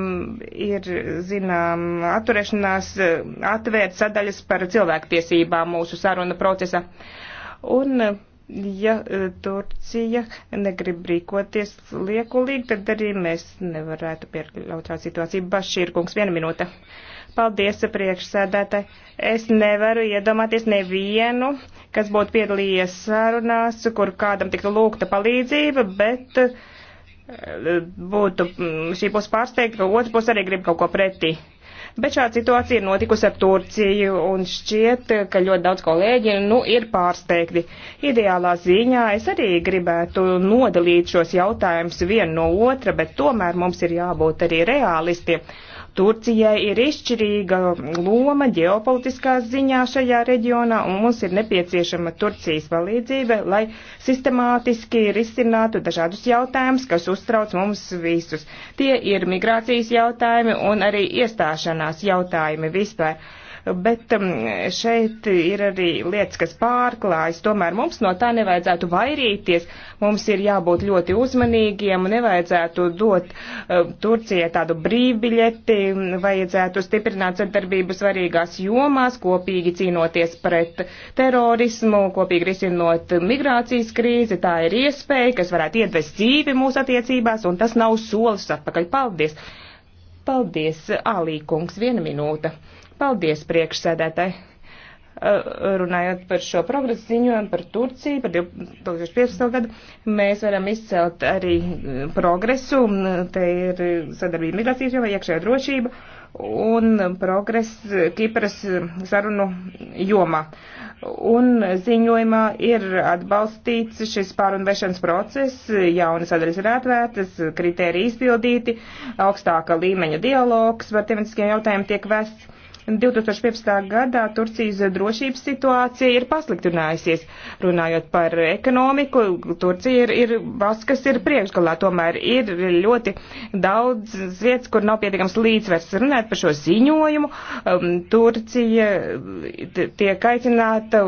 ir, zinām, atturēšanās atvērt sadaļas par cilvēktiesībām mūsu saruna procesa. Un ja e, Turcija negrib rīkoties liekulīgi, tad arī mēs nevarētu pieļaut tādu situāciju. Bašīrkungs, viena minūte. Paldies, priekšsēdētāji. Es nevaru iedomāties nevienu, kas būtu piedalījies sarunās, kur kādam tiktu lūgta palīdzība, bet e, būtu šī būs pārsteigta, ka otrs būs arī grib kaut ko pretī Bet šāda situācija ir notikusi ar Turciju, un šķiet, ka ļoti daudz kolēģi nu, ir pārsteigti. Ideālā ziņā es arī gribētu nodalīt šos jautājumus vienu no otra, bet tomēr mums ir jābūt arī realistiem. Turcijai ir izšķirīga loma ģeopolitiskā ziņā šajā reģionā, un mums ir nepieciešama Turcijas palīdzība, lai sistemātiski risinātu dažādus jautājumus, kas uztrauc mums visus. Tie ir migrācijas jautājumi un arī iestāšanās jautājumi vispār bet um, šeit ir arī lietas, kas pārklājas. Tomēr mums no tā nevajadzētu vairīties, mums ir jābūt ļoti uzmanīgiem, nevajadzētu dot um, Turcijai tādu brīvbiļeti, vajadzētu stiprināt sadarbību svarīgās jomās, kopīgi cīnoties pret terorismu, kopīgi risinot migrācijas krīzi. Tā ir iespēja, kas varētu iedvest dzīvi mūsu attiecībās, un tas nav solis atpakaļ. Paldies! Paldies, Alīkungs, viena minūte. Paldies, priekšsēdētāji! runājot par šo progresu ziņojumu, par Turciju, par 2015. gadu, mēs varam izcelt arī progresu. Te ir sadarbība migrācijas jomā, iekšējā drošība un progress Kipras sarunu jomā. Un ziņojumā ir atbalstīts šis pārunvešanas process, jaunas sadaļas ir atvērtas, kritēriji izpildīti, augstāka līmeņa dialogs par tematiskiem jautājumiem tiek vests 2015. gadā Turcijas drošības situācija ir pasliktinājusies. Runājot par ekonomiku, Turcija ir, ir valsts, kas ir priekšgalā, tomēr ir ļoti daudz vietas, kur nav pietiekams līdzsvers. Runājot par šo ziņojumu, um, Turcija tiek aicināta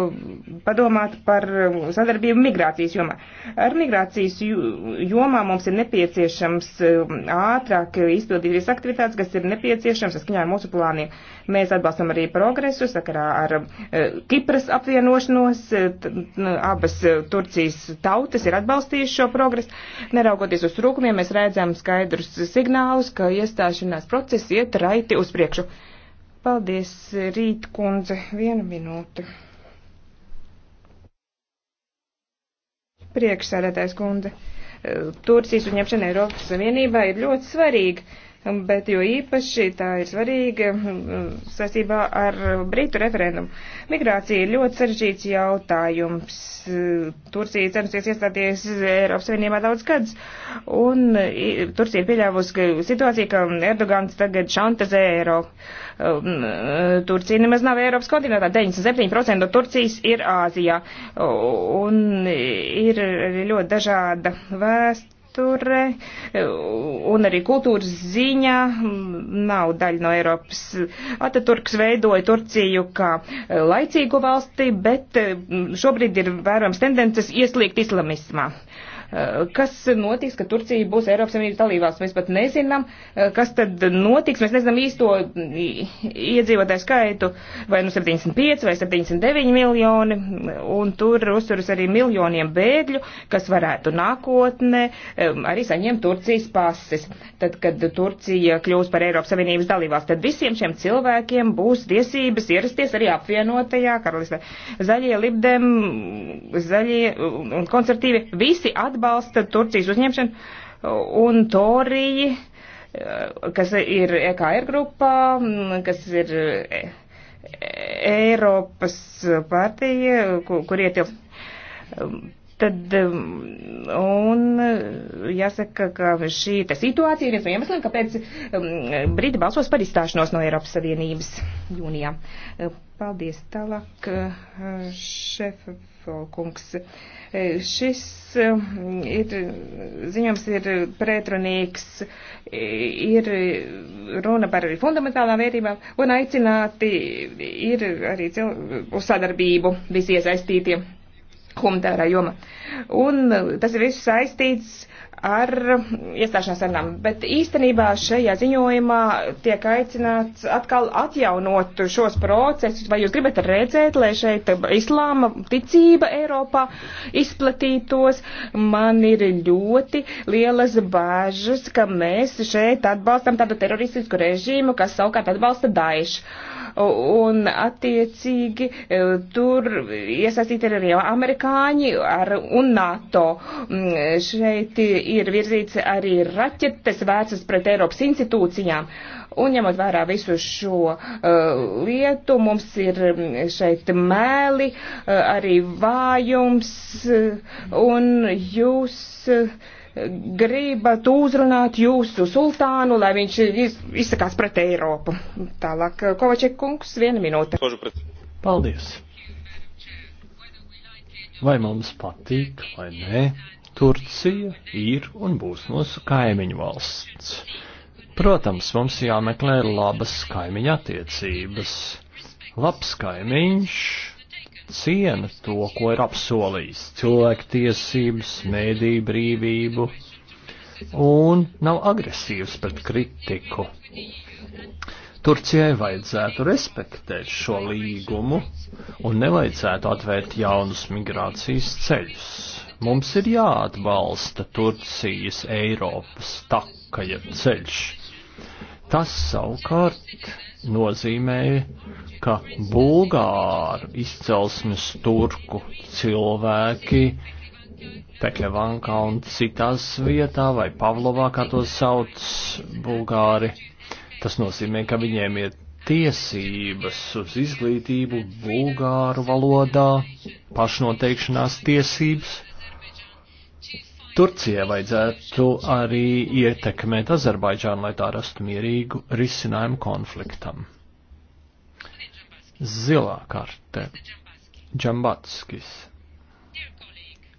padomāt par sadarbību migrācijas jomā. Ar migrācijas jomā mums ir nepieciešams um, ātrāk izpildīt visas aktivitātes, kas ir nepieciešams saskaņā ar mūsu plāniem. Uh, Mēs atbalstam arī progresu sakarā ar eh, Kipras apvienošanos. Eh, abas eh, Turcijas tautas ir atbalstījušas šo progresu. Neraugoties uz trūkumiem, mēs redzam skaidrus signālus, ka iestāšanās process iet raiti uz priekšu. Paldies, Rīt kundze, vienu minūti. Priekšsēdētājs kundze. Turcijas uzņemšana Eiropas Savienībā ir ļoti svarīga bet jo īpaši tā ir svarīga mm, mm, saistībā ar Britu referendumu. Migrācija ir ļoti sarežģīts jautājums. Turcija cenšas iestāties Eiropas Savienībā daudz gadus, un Turcija ir pieļāvusi situāciju, ka Erdogans tagad šantazē Eiropu. Um, Turcija nemaz nav Eiropas kontinentā, 97% no Turcijas ir Āzijā, un ir ļoti dažāda vēsture vēsture un arī kultūras ziņa nav daļa no Eiropas. Ataturks veidoja Turciju kā laicīgu valsti, bet šobrīd ir vērams tendences ieslīgt islamismā. Uh, Eh, kas notiks, ka Turcija būs Eiropas Savienības dalībvalsts. Mēs pat nezinām, eh, kas tad notiks. Mēs nezinām īsto iedzīvotāju skaitu, vai nu 75 vai 79 miljoni, un tur uzturas arī miljoniem bēgļu, kas varētu nākotnē eh, arī saņemt Turcijas pases. Tad, kad Turcija kļūs par Eiropas Savienības dalībvalsts, tad visiem šiem cilvēkiem būs tiesības ierasties arī apvienotajā karalistē. Zaļie libdem, zaļie un konservatīvi, visi atbalsta atbalsta Turcijas uzņemšanu, un Toriji, kas ir EKR grupā, kas ir Eiropas partija, kur, kur ietilpst. Tad, un jāsaka, ka šī situācija ir viens no iemesliem, kāpēc um, Briti balsos par izstāšanos no Eiropas Savienības jūnijā. Paldies tālāk, uh, šefa Pasko kungs. E, šis e, ir, ziņojums ir pretrunīgs, e, ir runa par fundamentālām vērībām un aicināti ir arī cil, uz sadarbību visi iesaistītie humanitārā joma. Un tas ir viss saistīts ar iestāšanās sarunām. Bet īstenībā šajā ziņojumā tiek aicināts atkal atjaunot šos procesus. Vai jūs gribat redzēt, lai šeit islāma ticība Eiropā izplatītos? Man ir ļoti lielas bāžas, ka mēs šeit atbalstam tādu teroristisku režīmu, kas savukārt atbalsta Daišu un attiecīgi e, tur iesaistīti ir arī amerikāņi ar, un NATO. Mm, šeit ir virzīts arī raķetes vērstas pret Eiropas institūcijām. Un ņemot vērā visu šo uh, lietu, mums ir mm, šeit mēli, uh, arī vājums, uh, un jūs. Uh, gribat uzrunāt jūsu sultānu, lai viņš izsakās pret Eiropu. Tālāk, Kovaček kungs, viena minūte. Paldies. Vai mums patīk vai nē, Turcija ir un būs mūsu kaimiņu valsts. Protams, mums jāmeklē labas kaimiņa attiecības. Labs kaimiņš ciena to, ko ir apsolījis - cilvēktiesības, mēdīju brīvību un nav agresīvs pret kritiku. Turcijai vajadzētu respektēt šo līgumu un nevajadzētu atvērt jaunus migrācijas ceļus. Mums ir jāatbalsta Turcijas Eiropas takaja ceļš. Tas savukārt nozīmēja, ka bulgāru izcelsmes turku cilvēki Pekļevankā un citās vietā vai Pavlovā, kā to sauc bulgāri, tas nozīmē, ka viņiem ir tiesības uz izglītību bulgāru valodā, pašnoteikšanās tiesības Turcijai vajadzētu arī ietekmēt Azerbaidžānu, lai tā rastu mierīgu risinājumu konfliktam. Zilā karte. Džambatskis.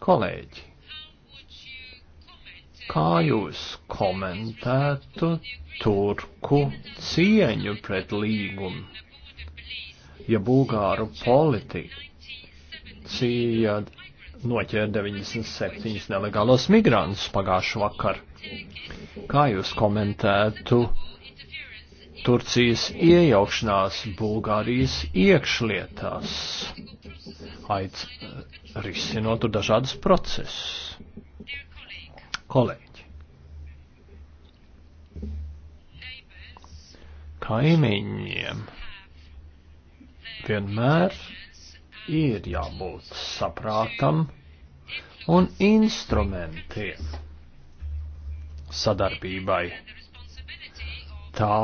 Kolēģi. Kā jūs komentētu turku cieņu pret līgumu? Ja bulgāru politika cīja noķēra 97 nelegālos migrantus pagājušu vakar. Kā jūs komentētu Turcijas iejaukšanās Bulgārijas iekšlietās, aic eh, risinot tur dažādas procesus? Kolēģi. Kaimiņiem vienmēr ir jābūt saprātam un instrumentiem sadarbībai. Tā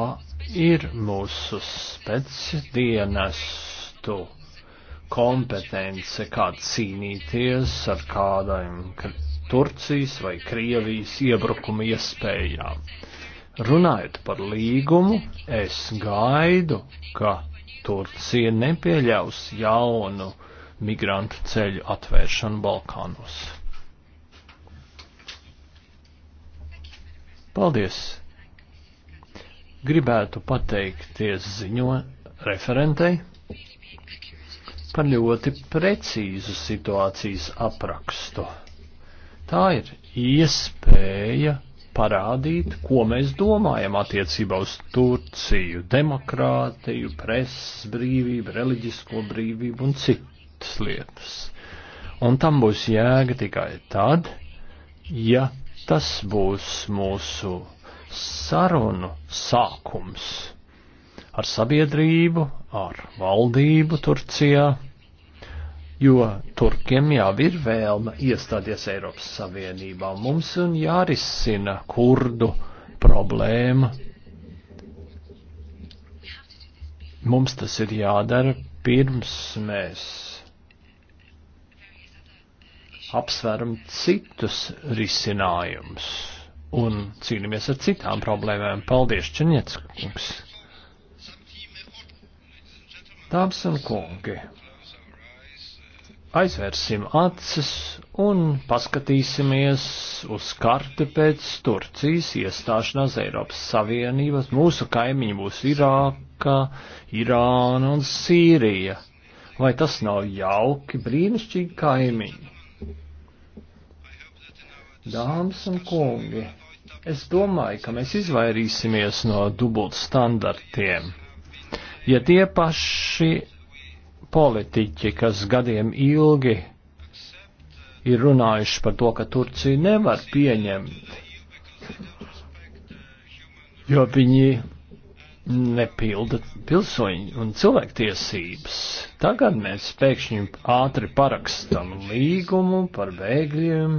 ir mūsu specdienestu kompetence, kā cīnīties ar kādiem Turcijas vai Krievijas iebrukuma iespējām. Runājot par līgumu, es gaidu, ka Turcija nepieļaus jaunu migrantu ceļu atvēršanu Balkānos. Paldies! Gribētu pateikties ziņo referentei par ļoti precīzu situācijas aprakstu. Tā ir iespēja parādīt, ko mēs domājam attiecībā uz Turciju - demokrātiju, presas brīvību, reliģisko brīvību un citas lietas. Un tam būs jēga tikai tad, ja tas būs mūsu sarunu sākums ar sabiedrību, ar valdību Turcijā jo turkiem jau ir vēlme iestāties Eiropas Savienībā. Mums un jārisina kurdu problēma. Mums tas ir jādara pirms mēs apsveram citus risinājumus un cīnāmies ar citām problēmām. Paldies, Černieckungs! Dāmas un kungi! aizvērsim acis un paskatīsimies uz karti pēc Turcijas iestāšanās Eiropas Savienības. Mūsu kaimiņi būs Irāka, Irāna un Sīrija. Vai tas nav jauki, brīnišķīgi kaimiņi? Dāmas un kungi, es domāju, ka mēs izvairīsimies no dubultstandartiem. Ja tie paši politiķi, kas gadiem ilgi ir runājuši par to, ka Turcija nevar pieņemt, jo viņi nepilda pilsoņu un cilvēktiesības. Tagad mēs pēkšņi ātri parakstam līgumu par bēgļiem,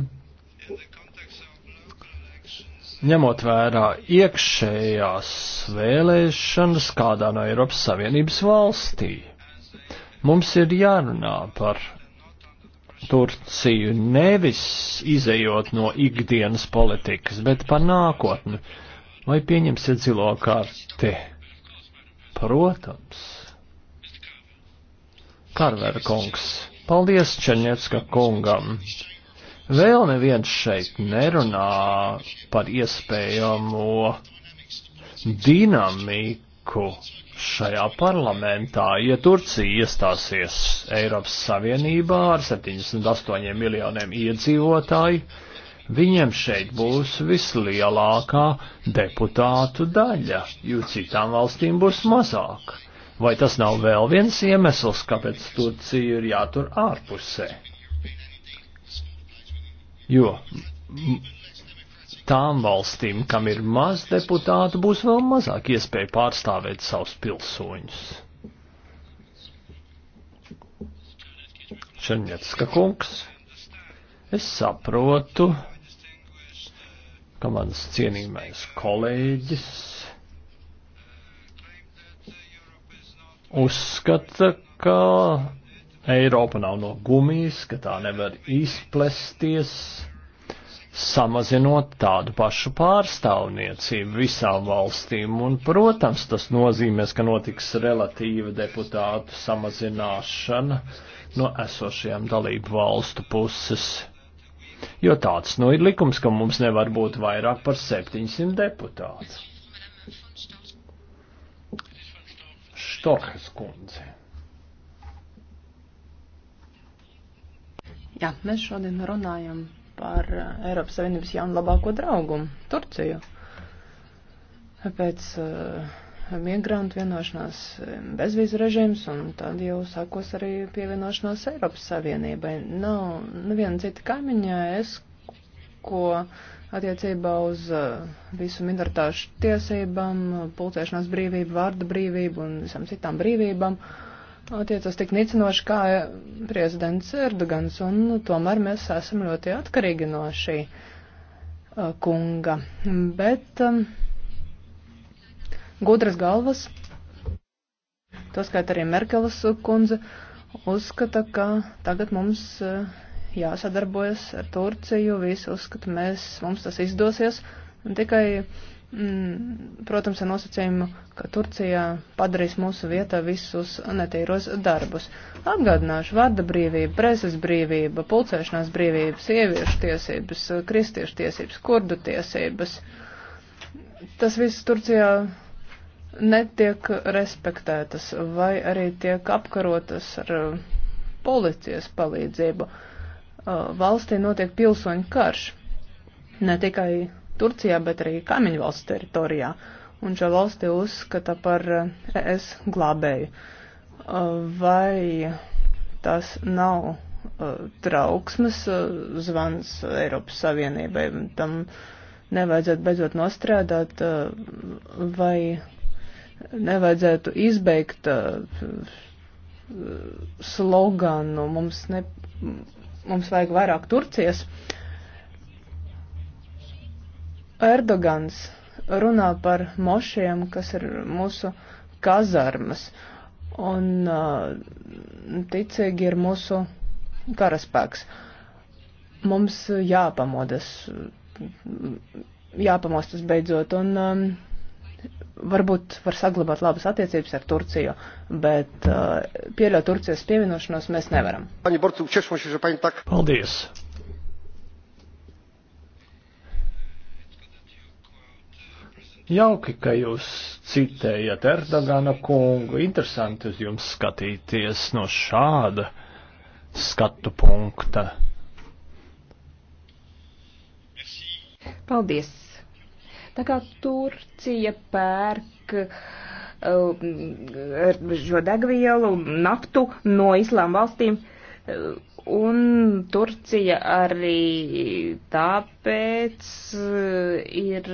ņemot vērā iekšējās vēlēšanas kādā no Eiropas Savienības valstī. Mums ir jārunā par Turciju nevis izējot no ikdienas politikas, bet par nākotni. Vai pieņemsiet zilo karti? Protams. Karver kungs. Paldies Černiecka kungam. Vēl neviens šeit nerunā par iespējamo dinamiku šajā parlamentā, ja Turcija iestāsies Eiropas Savienībā ar 78 miljoniem iedzīvotāju, viņiem šeit būs vislielākā deputātu daļa, jo citām valstīm būs mazāk. Vai tas nav vēl viens iemesls, kāpēc Turcija ir jātur ārpusē? Jo tām valstīm, kam ir maz deputātu, būs vēl mazāk iespēja pārstāvēt savus pilsoņus. Černiecka kungs, es saprotu, ka mans cienījamais kolēģis uzskata, ka Eiropa nav no gumijas, ka tā nevar izplesties samazinot tādu pašu pārstāvniecību visām valstīm, un, protams, tas nozīmēs, ka notiks relatīva deputātu samazināšana no esošajām dalību valstu puses. Jo tāds nu ir likums, ka mums nevar būt vairāk par 700 deputātu. Štorhas kundze. Jā, mēs šodien runājam par eh, Eiropas Savienības jaunu labāko draugu - Turciju. Pēc uh, migrantu vienošanās eh, bezvīzu režīms, un tad jau sākos arī pievienošanās Eiropas Savienībai. Nav neviena cita kaimiņa, es, ko attiecībā uz visu minoritāšu tiesībām, pulcēšanās brīvību, vārda brīvību un visam citām brīvībām. Uh, attiecas tik nicinoši kā prezidents Erdogans, un tomēr mēs esam ļoti atkarīgi no šī uh, kunga. Bet um, gudras galvas, tostarp arī Merkelas kundze, uzskata, ka tagad mums uh, jāsadarbojas ar Turciju, visi uzskata, mēs, mums tas izdosies, un tikai uh, Mm, protams, ar nosacījumu, ka Turcija padarīs mūsu vietā visus netīros darbus. Atgādināšu vārda brīvība, preses brīvība, pulcēšanās brīvība, sieviešu tiesības, kristiešu tiesības, kurdu tiesības. Tas viss Turcijā netiek respektētas vai arī tiek apkarotas ar uh, policijas palīdzību. Uh, valstī notiek pilsoņu karš. Ne tikai Turcijā, bet arī kaimiņu valsts teritorijā. Un šo valsti uzskata par eh, es glābēju. Eh, vai tas nav eh, trauksmes zvans Eiropas Savienībai? Tam nevajadzētu beidzot nostrādāt vai nevajadzētu izbeigt sloganu. Nu, mums, ne, mums vajag vairāk Turcijas. Uh, Erdogans runā par mošiem, kas ir mūsu kazarmas, un uh, ticīgi ir mūsu karaspēks. Mums jāpamodas, jāpamostas beidzot, un um, varbūt var saglabāt labas attiecības ar Turciju, bet uh, pieļaut Turcijas pievienošanos mēs nevaram. Paldies! Jauki, ka jūs citējat Erdogana kungu. Interesanti uz jums skatīties no šāda skatu punkta. Paldies! Tā kā Turcija pērk eh, šo degvielu, naftu no islām valstīm, eh, un Turcija arī tāpēc eh, ir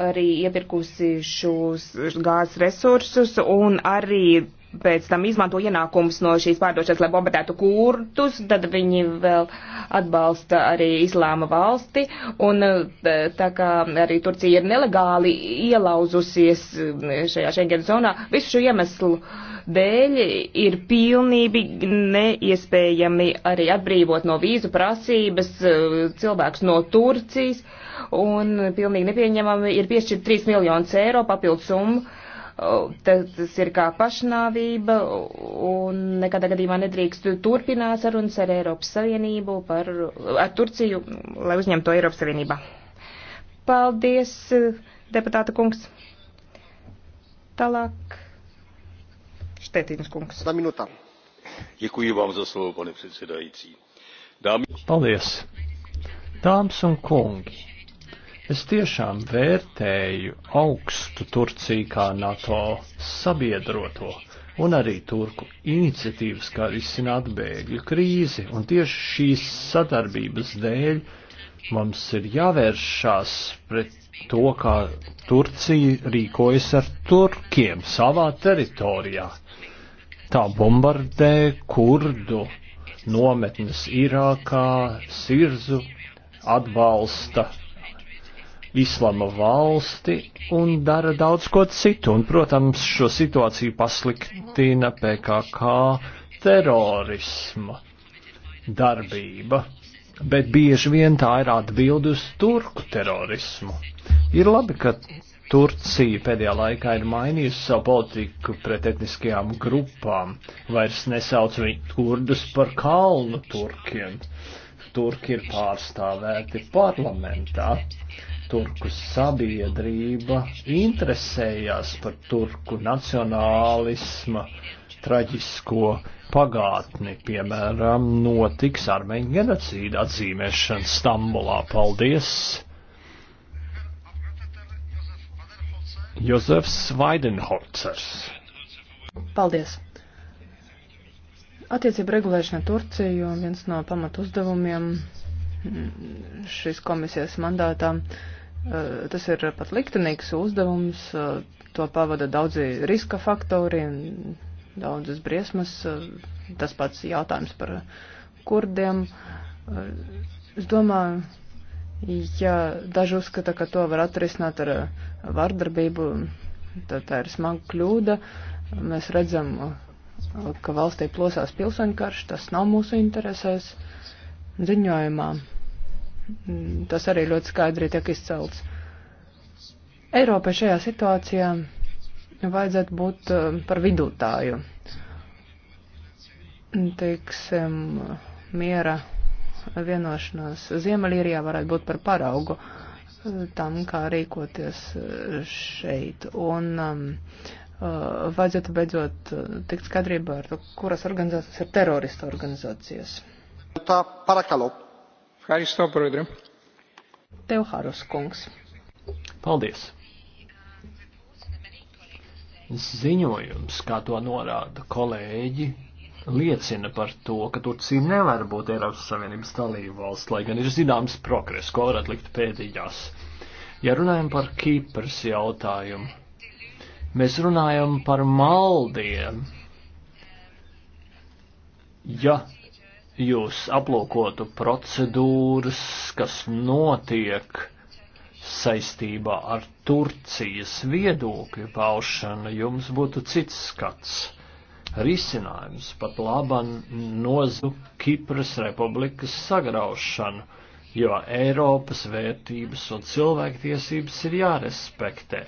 arī iepirkusi šos gāzes resursus un arī pēc tam izmanto ienākumus no šīs pārdošanas, lai bombardētu kurtus, tad viņi vēl atbalsta arī islāma valsti, un e, tā kā arī Turcija ir nelegāli ielauzusies e, šajā Schengen zonā, visu šo iemeslu dēļ ir pilnīgi neiespējami arī atbrīvot no vīzu prasības e, cilvēks no Turcijas, un pilnīgi nepieņemami ir piešķirt 3 miljonus eiro papildus summu tas ir kā pašnāvība un nekādā gadījumā nedrīkst turpināt sarunas ar Eiropas Savienību par, ar Turciju, lai uzņemtu to Eiropas Savienībā. Paldies, deputāta kungs. Tālāk. Štetins kungs. Na minūtā. Děkuji vám za slovo, pane předsedající. Dámy... Paldies. Dāmas un kungi, Es tiešām vērtēju augstu Turciju kā NATO sabiedroto un arī Turku iniciatīvas, kā risināt bēgļu krīzi. Un tieši šīs sadarbības dēļ mums ir jāvēršās pret to, kā Turcija rīkojas ar turkiem savā teritorijā. Tā bombardē kurdu nometnes Irākā, Sirzu, atbalsta islama valsti un dara daudz ko citu. Un, protams, šo situāciju pasliktina PKK terorisma darbība, bet bieži vien tā ir atbildi uz turku terorismu. Ir labi, ka Turcija pēdējā laikā ir mainījusi savu politiku pret etniskajām grupām, vairs nesauc viņu kurdus par kalnu turkiem. Turki ir pārstāvēti parlamentā turku sabiedrība interesējās par turku nacionālisma traģisko pagātni, piemēram, notiks armeņu genocīda atzīmēšana Stambulā. Paldies! Jozefs Vaidenholcers. Paldies! Attiecība regulēšana Turciju viens no pamatu uzdevumiem šīs komisijas mandātām Eh, tas ir pat liktenīgs uzdevums, eh, to pavada daudzi riska faktori un daudzas briesmas. Eh, tas pats jautājums par kurdiem. Es domāju, ja daži uzskata, ka to var atrisināt ar vardarbību, tad tā ir smaga kļūda. Mēs redzam, ka valstī plosās pilsoņu karš, tas nav mūsu interesēs ziņojumā Mm, tas arī ļoti skaidri tiek izcelts. Eiropai šajā situācijā vajadzētu būt eh, par vidutāju. Teiksim, miera vienošanās Ziemeļīrijā varētu būt par paraugu eh, tam, kā rīkoties eh, šeit. Un um, vajadzētu beidzot tikt skatrībā ar to, kuras organizācijas ir teroristu organizācijas. Tā parakalo. Haristo, Prodre. Tev, Haros kungs. Paldies. Ziņojums, kā to norāda kolēģi, liecina par to, ka Turcija nevar būt Eiropas Savienības dalība valsts, lai gan ir zināms progress, ko varat likt pēdījās. Ja runājam par Kīpras jautājumu, mēs runājam par maldiem. Ja jūs aplūkotu procedūras, kas notiek saistībā ar Turcijas viedokļu paušanu, jums būtu cits skats. Risinājums pat laban nozu Kipras republikas sagraušanu, jo Eiropas vērtības un cilvēktiesības ir jārespektē.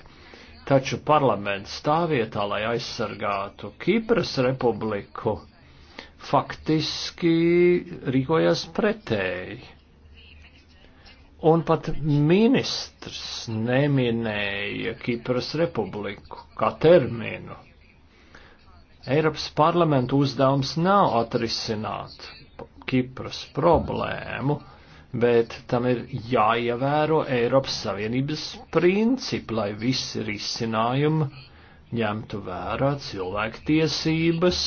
Taču parlaments tā vietā, lai aizsargātu Kipras republiku, faktiski rīkojas pretēji. Un pat ministrs neminēja Kipras republiku kā terminu. Eiropas parlamenta uzdevums nav atrisināt Kipras problēmu, bet tam ir jāievēro Eiropas Savienības principi, lai visi risinājumi ņemtu vērā cilvēktiesības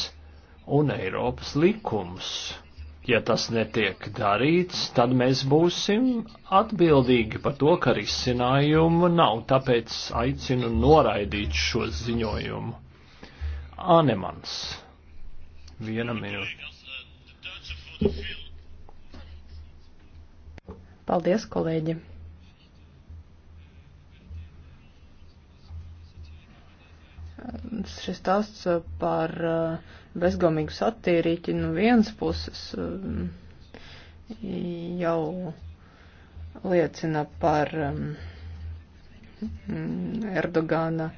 un Eiropas likums. Ja tas netiek darīts, tad mēs būsim atbildīgi par to, ka risinājumu nav, tāpēc aicinu noraidīt šo ziņojumu. Anemans. Viena minūte. Paldies, kolēģi! Šis stāsts par uh, bezgalīgu satīrīķi no nu vienas puses um, jau liecina par um, Erdogana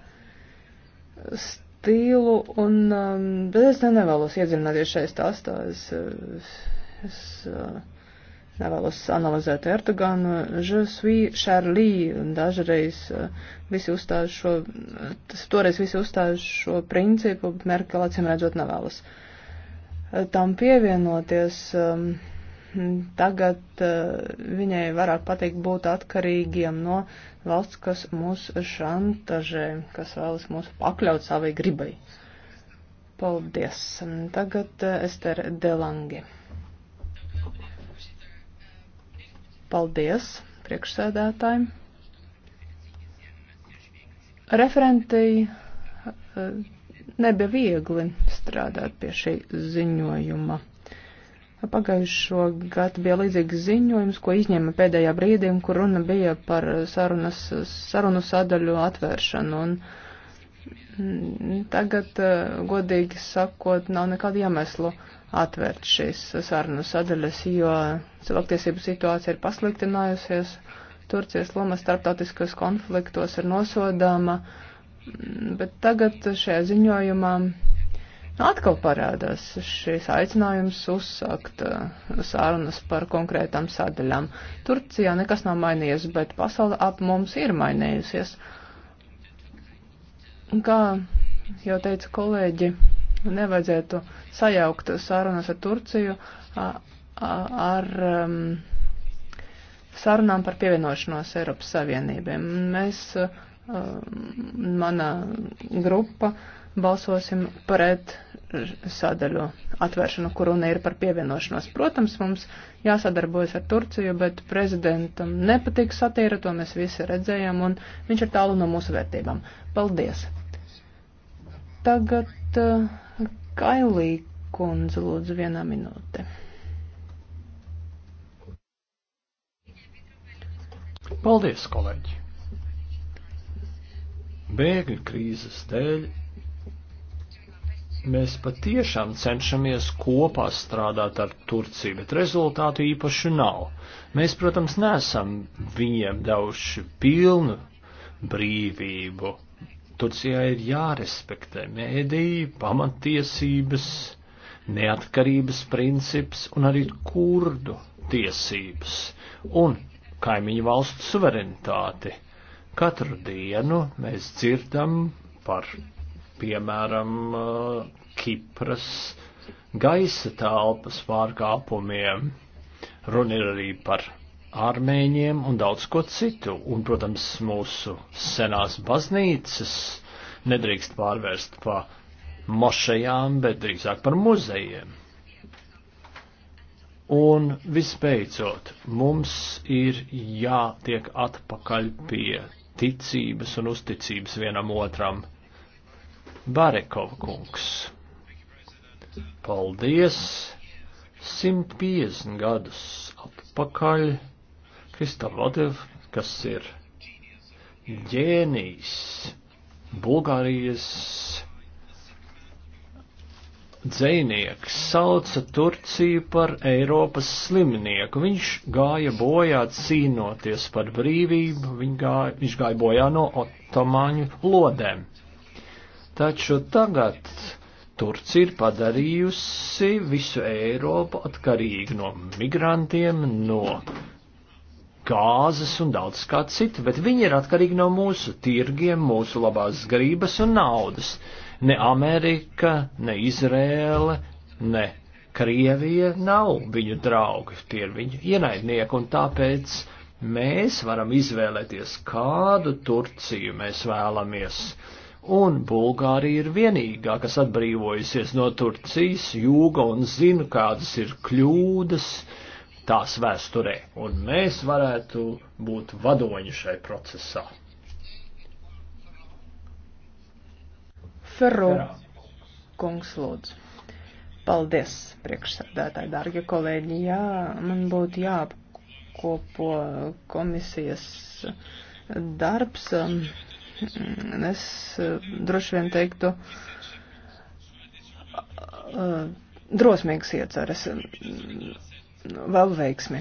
stilu, un, um, bet es nevēlos iedziļināties šai stāstā. Es, es, es nevēlas analizēt Erdoganu. Je suis Charlie, un dažreiz eh, visi uzstāja šo, tas toreiz visi uzstāja šo principu, bet Merkel acīm redzot nevēlas eh, tam pievienoties. Um, tagad eh, viņai vairāk patīk būt atkarīgiem no valsts, kas mūs šantažē, kas vēlas mūs pakļaut savai gribai. Paldies. Tagad Ester Delangi. Paldies priekšsēdētājiem. Referentei eh, nebija viegli strādāt pie šī ziņojuma. Pagājušo gadu bija līdzīgs ziņojums, ko izņēma pēdējā brīdī, kur runa bija par sarunas, sarunu sadaļu atvēršanu. Un mm, tagad, eh, godīgi sakot, nav nekādu iemeslu uh, atvērt šīs sarunu sadaļas, jo cilvēktiesību situācija ir pasliktinājusies. Turcijas loma starptautiskos konfliktos ir nosodāma, mm, bet tagad šajā ziņojumā nu, atkal parādās šis aicinājums uzsākt uh, sarunas par konkrētām sadaļām. Turcijā nekas nav mainījies, bet pasaule ap mums ir mainījusies. Kā jau teica kolēģi, Nevajadzētu sajaukt sarunas ar Turciju ar um, sarunām par pievienošanos Eiropas Savienībai. Mēs, um, mana grupa, balsosim pret sadaļu atvēršanu, kur runa ir par pievienošanos. Protams, mums jāsadarbojas ar Turciju, bet prezidentam nepatīk satīra, to mēs visi redzējām, un viņš ir tālu no mūsu vērtībām. Paldies! Tagad uh, Kailī kundze lūdzu vienā minūte. Paldies, kolēģi! Bēgļu krīzes dēļ mēs patiešām cenšamies kopā strādāt ar Turciju, bet rezultātu īpaši nav. Mēs, protams, nesam viņiem devuši pilnu brīvību. Turcijai ir jārespektē mēdī, pamatiesības, neatkarības princips un arī kurdu tiesības un kaimiņu valstu suverenitāti. Katru dienu mēs dzirdam par, piemēram, Kipras gaisa telpas pārkāpumiem. Runa ir arī par armēņiem un daudz ko citu. Un, protams, mūsu senās baznīcas nedrīkst pārvērst pa mošajām, bet drīzāk par muzejiem. Un visbeidzot, mums ir jātiek atpakaļ pie ticības un uzticības vienam otram. Barekov kungs. Paldies! 150 gadus atpakaļ Kristalvadev, kas ir ģēnijs Bulgārijas dzēnieks sauca Turciju par Eiropas slimnieku. Viņš gāja bojā cīnoties par brīvību, viņš gāja, viņš gāja bojā no otomāņu lodēm. Taču tagad Turcija ir padarījusi visu Eiropu atkarīgu no migrantiem, no gāzes un daudz kā citu, bet viņi ir atkarīgi no mūsu tirgiem, mūsu labās grības un naudas. Ne Amerika, ne Izrēle, ne Krievija nav viņu draugi, tie ir viņu ienaidnieki, un tāpēc mēs varam izvēlēties, kādu Turciju mēs vēlamies. Un Bulgārija ir vienīgā, kas atbrīvojusies no Turcijas jūga un zinu, kādas ir kļūdas, uh, tās vēsturē, un mēs varētu būt vadoņi šai procesā. Ferro kungs lūdzu. Paldies, priekšsēdētāji, dārgie kolēģi. Jā, man būtu jāapkopo komisijas darbs. Es droši vien teiktu, eh, drosmīgs ieceres vēl veiksmi.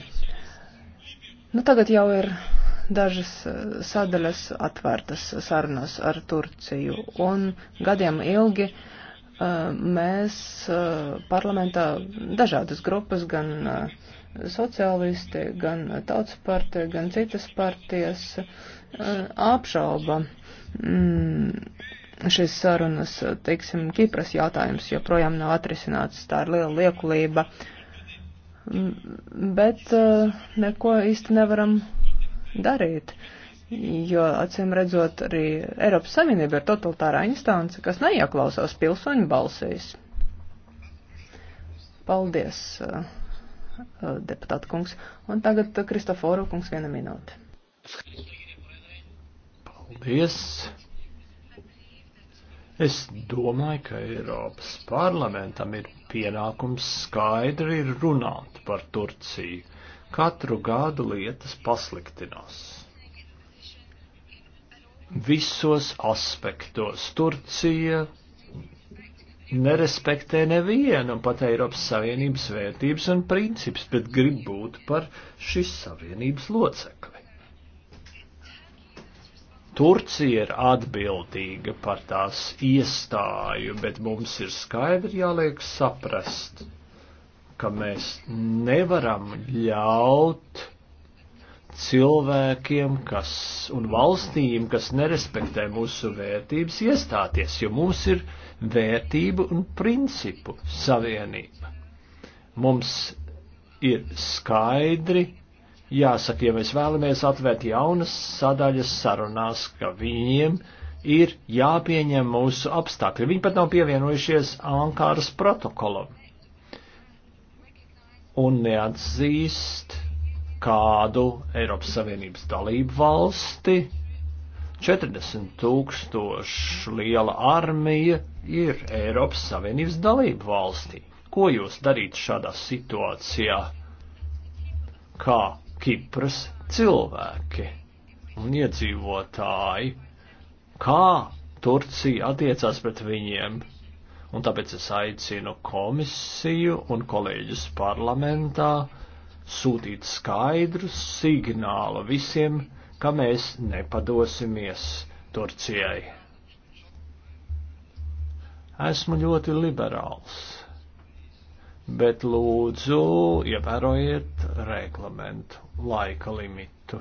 Nu, tagad jau ir dažas eh, sadaļas atvērtas sarunas ar Turciju, un gadiem ilgi eh, mēs eh, parlamentā dažādas grupas, gan sociālisti, gan tautas partija, gan citas partijas apšauba mm, šīs sarunas, teiksim, Kipras jautājums joprojām nav atrisināts, tā ir liela liekulība. Uh, bet eh, neko īsti nevaram darīt. Jo, acīm redzot, arī Eiropas Savienība ir totalitārā instance, kas neieklausās pilsoņu balsīs. Paldies, eh, deputāta kungs. Un tagad Kristoforu kungs viena minūte. Paldies. Es domāju, ka Eiropas parlamentam ir pienākums skaidri runāt par Turciju. Katru gadu lietas pasliktinās. Visos aspektos Turcija nerespektē nevienu pat Eiropas Savienības vērtības un principus, bet grib būt par šīs Savienības locekli. Turcija ir atbildīga par tās iestāju, bet mums ir skaidri jāliek saprast, ka mēs nevaram ļaut cilvēkiem kas, un valstīm, kas nerespektē mūsu vērtības, iestāties, jo mums ir vērtību un principu savienība. Mums ir skaidri jāsaka, ja mēs vēlamies atvērt jaunas sadaļas sarunās, ka viņiem ir jāpieņem mūsu apstākļi. Viņi pat nav pievienojušies Ankāras protokolam un neatzīst kādu Eiropas Savienības dalību valsti. 40 tūkstoši liela armija ir Eiropas Savienības dalību valstī. Ko jūs darītu šādā situācijā? Kā Kipras cilvēki un iedzīvotāji, kā Turcija attiecās pret viņiem, Un tāpēc es aicinu komisiju un kolēģus parlamentā sūtīt skaidru signālu visiem, ka mēs nepadosimies Turcijai. Esmu ļoti liberāls, bet lūdzu ievērojiet reglamentu laika limitu.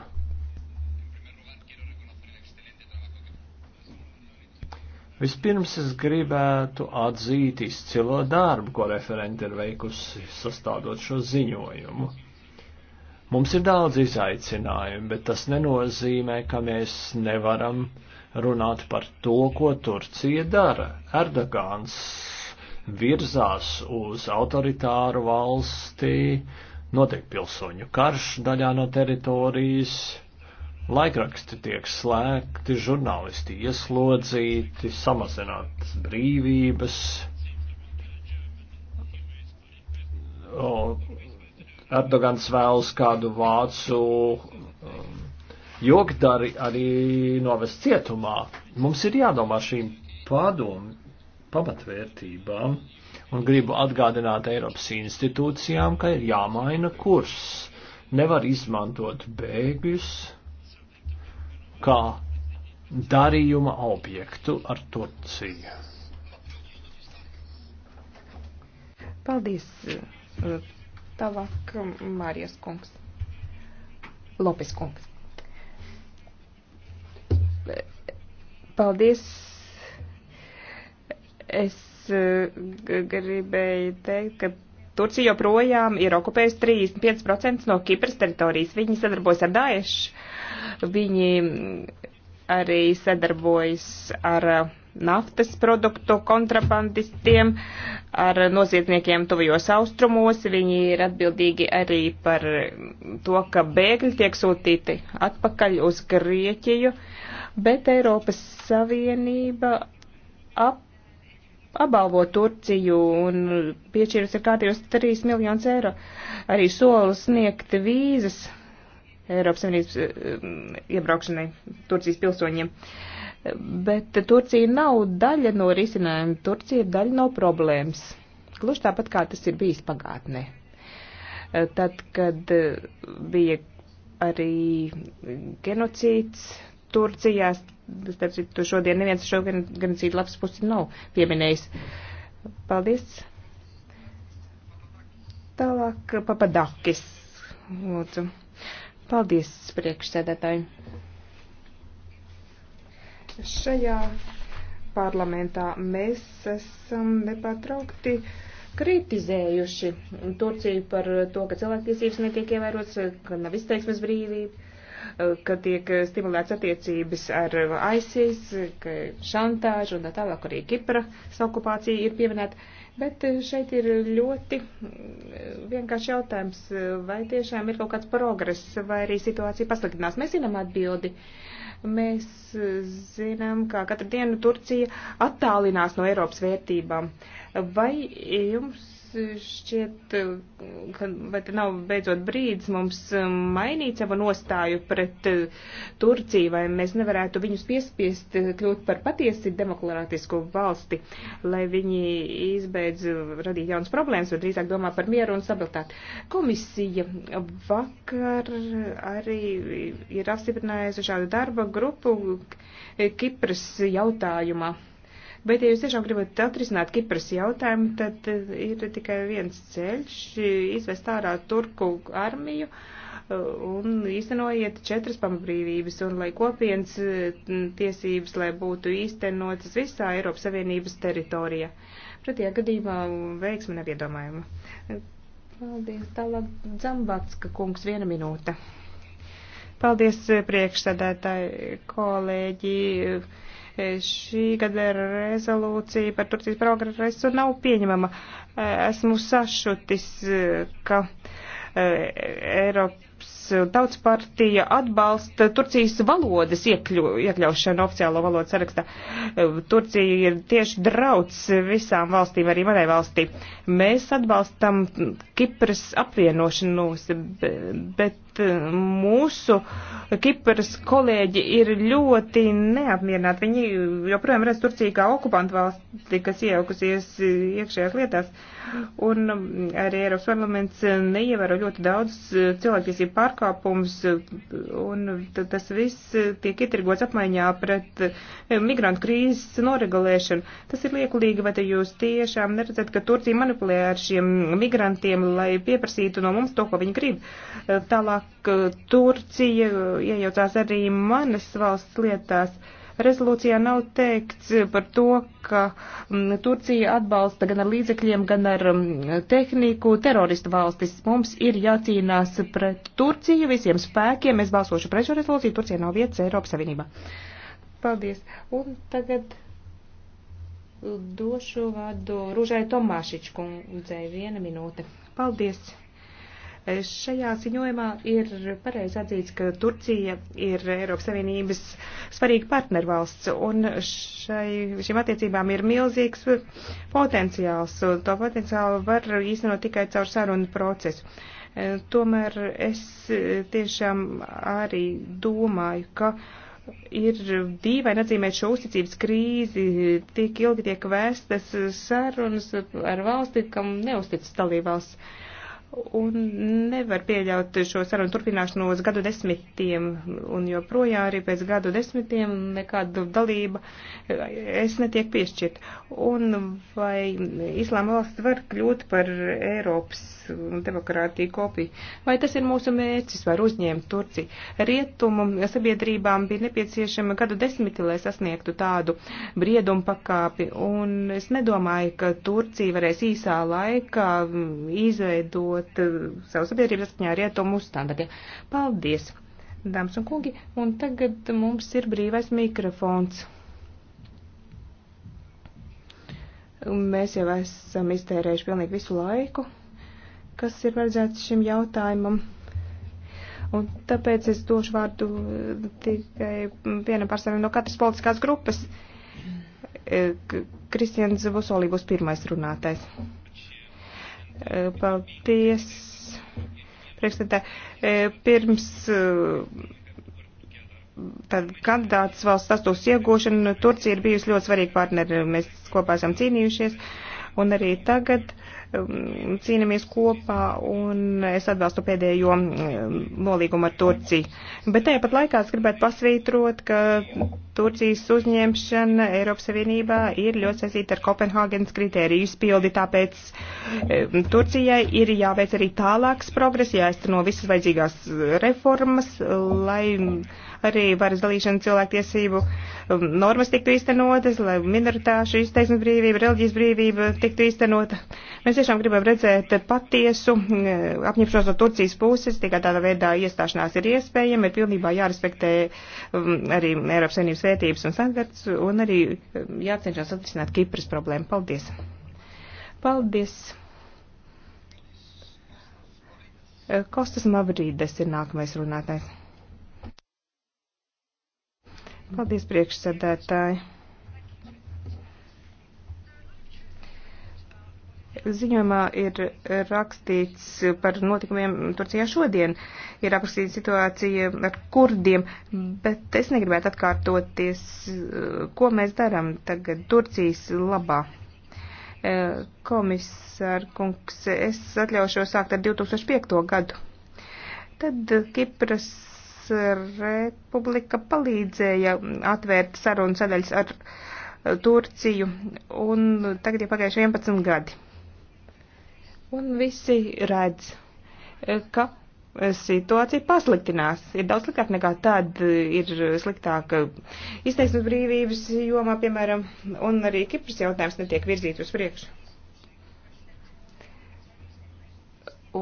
Vispirms es gribētu atzīt izcilo darbu, ko referenti ir veikusi sastādot šo ziņojumu. Mums ir daudz izaicinājumu, bet tas nenozīmē, ka mēs nevaram runāt par to, ko Turcija dara. Erdogans virzās uz autoritāru valstī, notiek pilsoņu karš daļā no teritorijas Laikraksti tiek slēgti, žurnālisti ieslodzīti, samazinātas brīvības. O, Erdogans vēlas kādu vācu um, jogdari arī novest cietumā. Mums ir jādomā šīm padomu pamatvērtībām un gribu atgādināt Eiropas institūcijām, ka ir jāmaina kurs. Nevar izmantot bēgļus kā darījuma objektu ar Turciju. Paldies, eh, tālāk um, Mārijas kungs, Lopes kungs. Paldies. Es eh, gribēju teikt, ka Turcija joprojām ir okupējusi 35% no Kipras teritorijas. Viņi sadarbojas ar Daešu Viņi arī sadarbojas ar uh, naftas produktu kontrabandistiem, ar noziedzniekiem tuvajos austrumos. Viņi ir atbildīgi arī par to, ka bēgļi tiek sūtīti atpakaļ uz Grieķiju, bet Eiropas Savienība ap apbalvo Turciju un piešķīrusi kārtījos 3 miljonus eiro. Arī solis sniegt vīzas Eiropas Savienības eh, iebraukšanai Turcijas pilsoņiem. Bet Turcija nav daļa no risinājuma, Turcija ir daļa no problēmas. Gluži tāpat kā tas ir bijis pagātnē. Eh, tad, kad eh, bija arī genocīds Turcijā, starp citu, šodien neviens šo genocīdu labs pusi nav pieminējis. Paldies! Tālāk papadakis. Lūdzu. Paldies, priekšsēdētāji. Šajā parlamentā mēs esam nepatraukti kritizējuši Turciju par to, ka cilvēktiesības netiek ievērotas, ka nav izteiksmes brīvība, ka tiek stimulēts attiecības ar ISIS, ka šantāža un tā tālāk arī Kipra okupācija ir pieminēta. Bet eh, šeit ir ļoti eh, vienkārši jautājums, eh, vai tiešām ir kaut kāds progress, vai arī situācija pasliktinās. Mēs zinām atbildi. Mēs zinām, ka katru dienu Turcija attālinās no Eiropas vērtībām. Vai jums šķiet, ka vai te nav beidzot brīdis mums um, mainīt savu nostāju pret uh, Turciju, vai mēs nevarētu viņus piespiest uh, kļūt par patiesi demokrātisku valsti, lai viņi izbeidz uh, radīt jaunas problēmas, vai drīzāk domā par mieru un stabilitāti. Komisija vakar arī ir apstiprinājusi šādu darba grupu Kipras jautājumā. Bet, ja jūs tiešām gribat atrisināt Kipras jautājumu, tad ir tikai viens ceļš - izvest ārā turku armiju uh, un īstenojiet četras pamatbrīvības un lai kopienas uh, tiesības, lai būtu īstenotas visā Eiropas Savienības teritorijā. Pretējā gadījumā veiksme nav iedomājama. Paldies, tālāk Dzambatska kungs, viena minūte. Paldies, priekšsēdētāji, kolēģi. Eh, šī gada rezolūcija par Turcijas progresu nav pieņemama. Eh, esmu sašutis, eh, ka Eiropa tautas partija atbalsta Turcijas valodas iekļu, iekļaušanu oficiālo valodu sarakstā. Turcija ir tieši drauds visām valstīm, arī manai valstī. Mēs atbalstam Kipras apvienošanos, bet eh, mūsu Kipras kolēģi ir ļoti neapmierināti. Viņi joprojām redz Turciju kā okupantu valsti, kas iejaukusies iekšējās lietās. Un um, arī Eiropas parlaments uh, neievēro ļoti daudz uh, cilvēktiesību pārkāpums, uh, un tas viss tiek ietirgots apmaiņā pret migrantu krīzes noregulēšanu. Tas ir liekulīgi, vai te jūs tiešām neredzat, ka Turcija manipulē ar šiem migrantiem, lai pieprasītu no mums to, ko viņi grib. Tālāk Turcija iejaucās arī manas valsts lietās. Rezolūcijā nav teikts par to, ka mm, Turcija atbalsta gan ar līdzekļiem, gan ar mm, tehniku teroristu valstis. Mums ir jācīnās pret Turciju visiem spēkiem. Es balsošu pret šo rezolūciju. Turcija nav vietas Eiropas Savienībā. Paldies. Un tagad došu vārdu Rūžai Tomāšičkundzei. Viena minūte. Paldies. Šajā ziņojumā ir pareizi atzīts, ka Turcija ir Eiropas Savienības svarīga partnervalsts, un šai, šīm attiecībām ir milzīgs potenciāls. To potenciālu var īstenot tikai caur sarunu procesu. Tomēr es tiešām arī domāju, ka ir dīvaini atzīmēt šo uzticības krīzi, tik ilgi tiek vēstas sarunas ar valsti, kam neuzticas dalībvalsts un nevar pieļaut šo sarunu turpināšanos gadu desmitiem, un joprojām arī pēc gadu desmitiem nekāda dalība es netiek piešķirt. Un vai Islāma valsts var kļūt par Eiropas demokrātija kopija. Vai tas ir mūsu mērķis, var uzņemt Turciju? Rietumu sabiedrībām bija nepieciešama gadu desmiti, lai sasniegtu tādu briedumu pakāpi, un es nedomāju, ka Turcija varēs īsā laikā mm, izveidot eh, savu sabiedrību saskaņā rietumu standartiem. Paldies, dāmas un kungi, un tagad mums ir brīvais mikrofons. un mēs jau esam iztērējuši pilnīgi visu laiku kas ir paredzēts šim jautājumam. Un tāpēc es došu vārdu eh, tikai vienam pārstāvim no katras politiskās grupas. Eh, Kristians Vusolī būs pirmais runātais. Eh, paldies. Priekšstādā, pirms tad kandidāts valsts status iegūšana, Turcija ir bijusi ļoti svarīga partneri, mēs kopā esam cīnījušies, un arī tagad cīnāmies kopā un es atbalstu pēdējo nolīgumu ar Turciju. Bet tāpat laikā es gribētu pasvītrot, ka Turcijas uzņemšana Eiropas Savienībā ir ļoti saistīta ar Kopenhāgenes kritēriju izpildi, tāpēc Turcijai ir jāveic arī tālāks progress, jāizteno visas vajadzīgās eh, reformas, lai arī varas dalīšana cilvēktiesību um, normas tiktu īstenotas, lai minoritāšu izteiksmes brīvība, reliģijas brīvība tiktu īstenota. Mēs tiešām gribam redzēt patiesu mm, apņemšanos no Turcijas puses, tikai tādā veidā iestāšanās ir iespējama, ir pilnībā jārespektē um, arī Eiropas Savienības vērtības un standarts un arī um, jācenšas atrisināt Kipras problēmu. Paldies! Paldies! Kostas Mavrīdes ir nākamais runātājs. Paldies, priekšsēdētāji. Ziņojumā ir rakstīts par notikumiem Turcijā šodien. Ir rakstīta situācija ar kurdiem, bet es negribētu atkārtoties, ko mēs darām tagad Turcijas labā. Eh, komisār kungs, es atļaušos sākt ar 2005. gadu. Tad Kipras Republika palīdzēja atvērt sarunu sadaļas ar eh, Turciju, un tagad ir pagājuši 11 gadi. Un visi redz, eh, ka situācija pasliktinās. Ir daudz sliktāk nekā tad, eh, ir sliktāk izteiksmes brīvības jomā, piemēram, un arī Kipras jautājums netiek virzīt uz priekšu.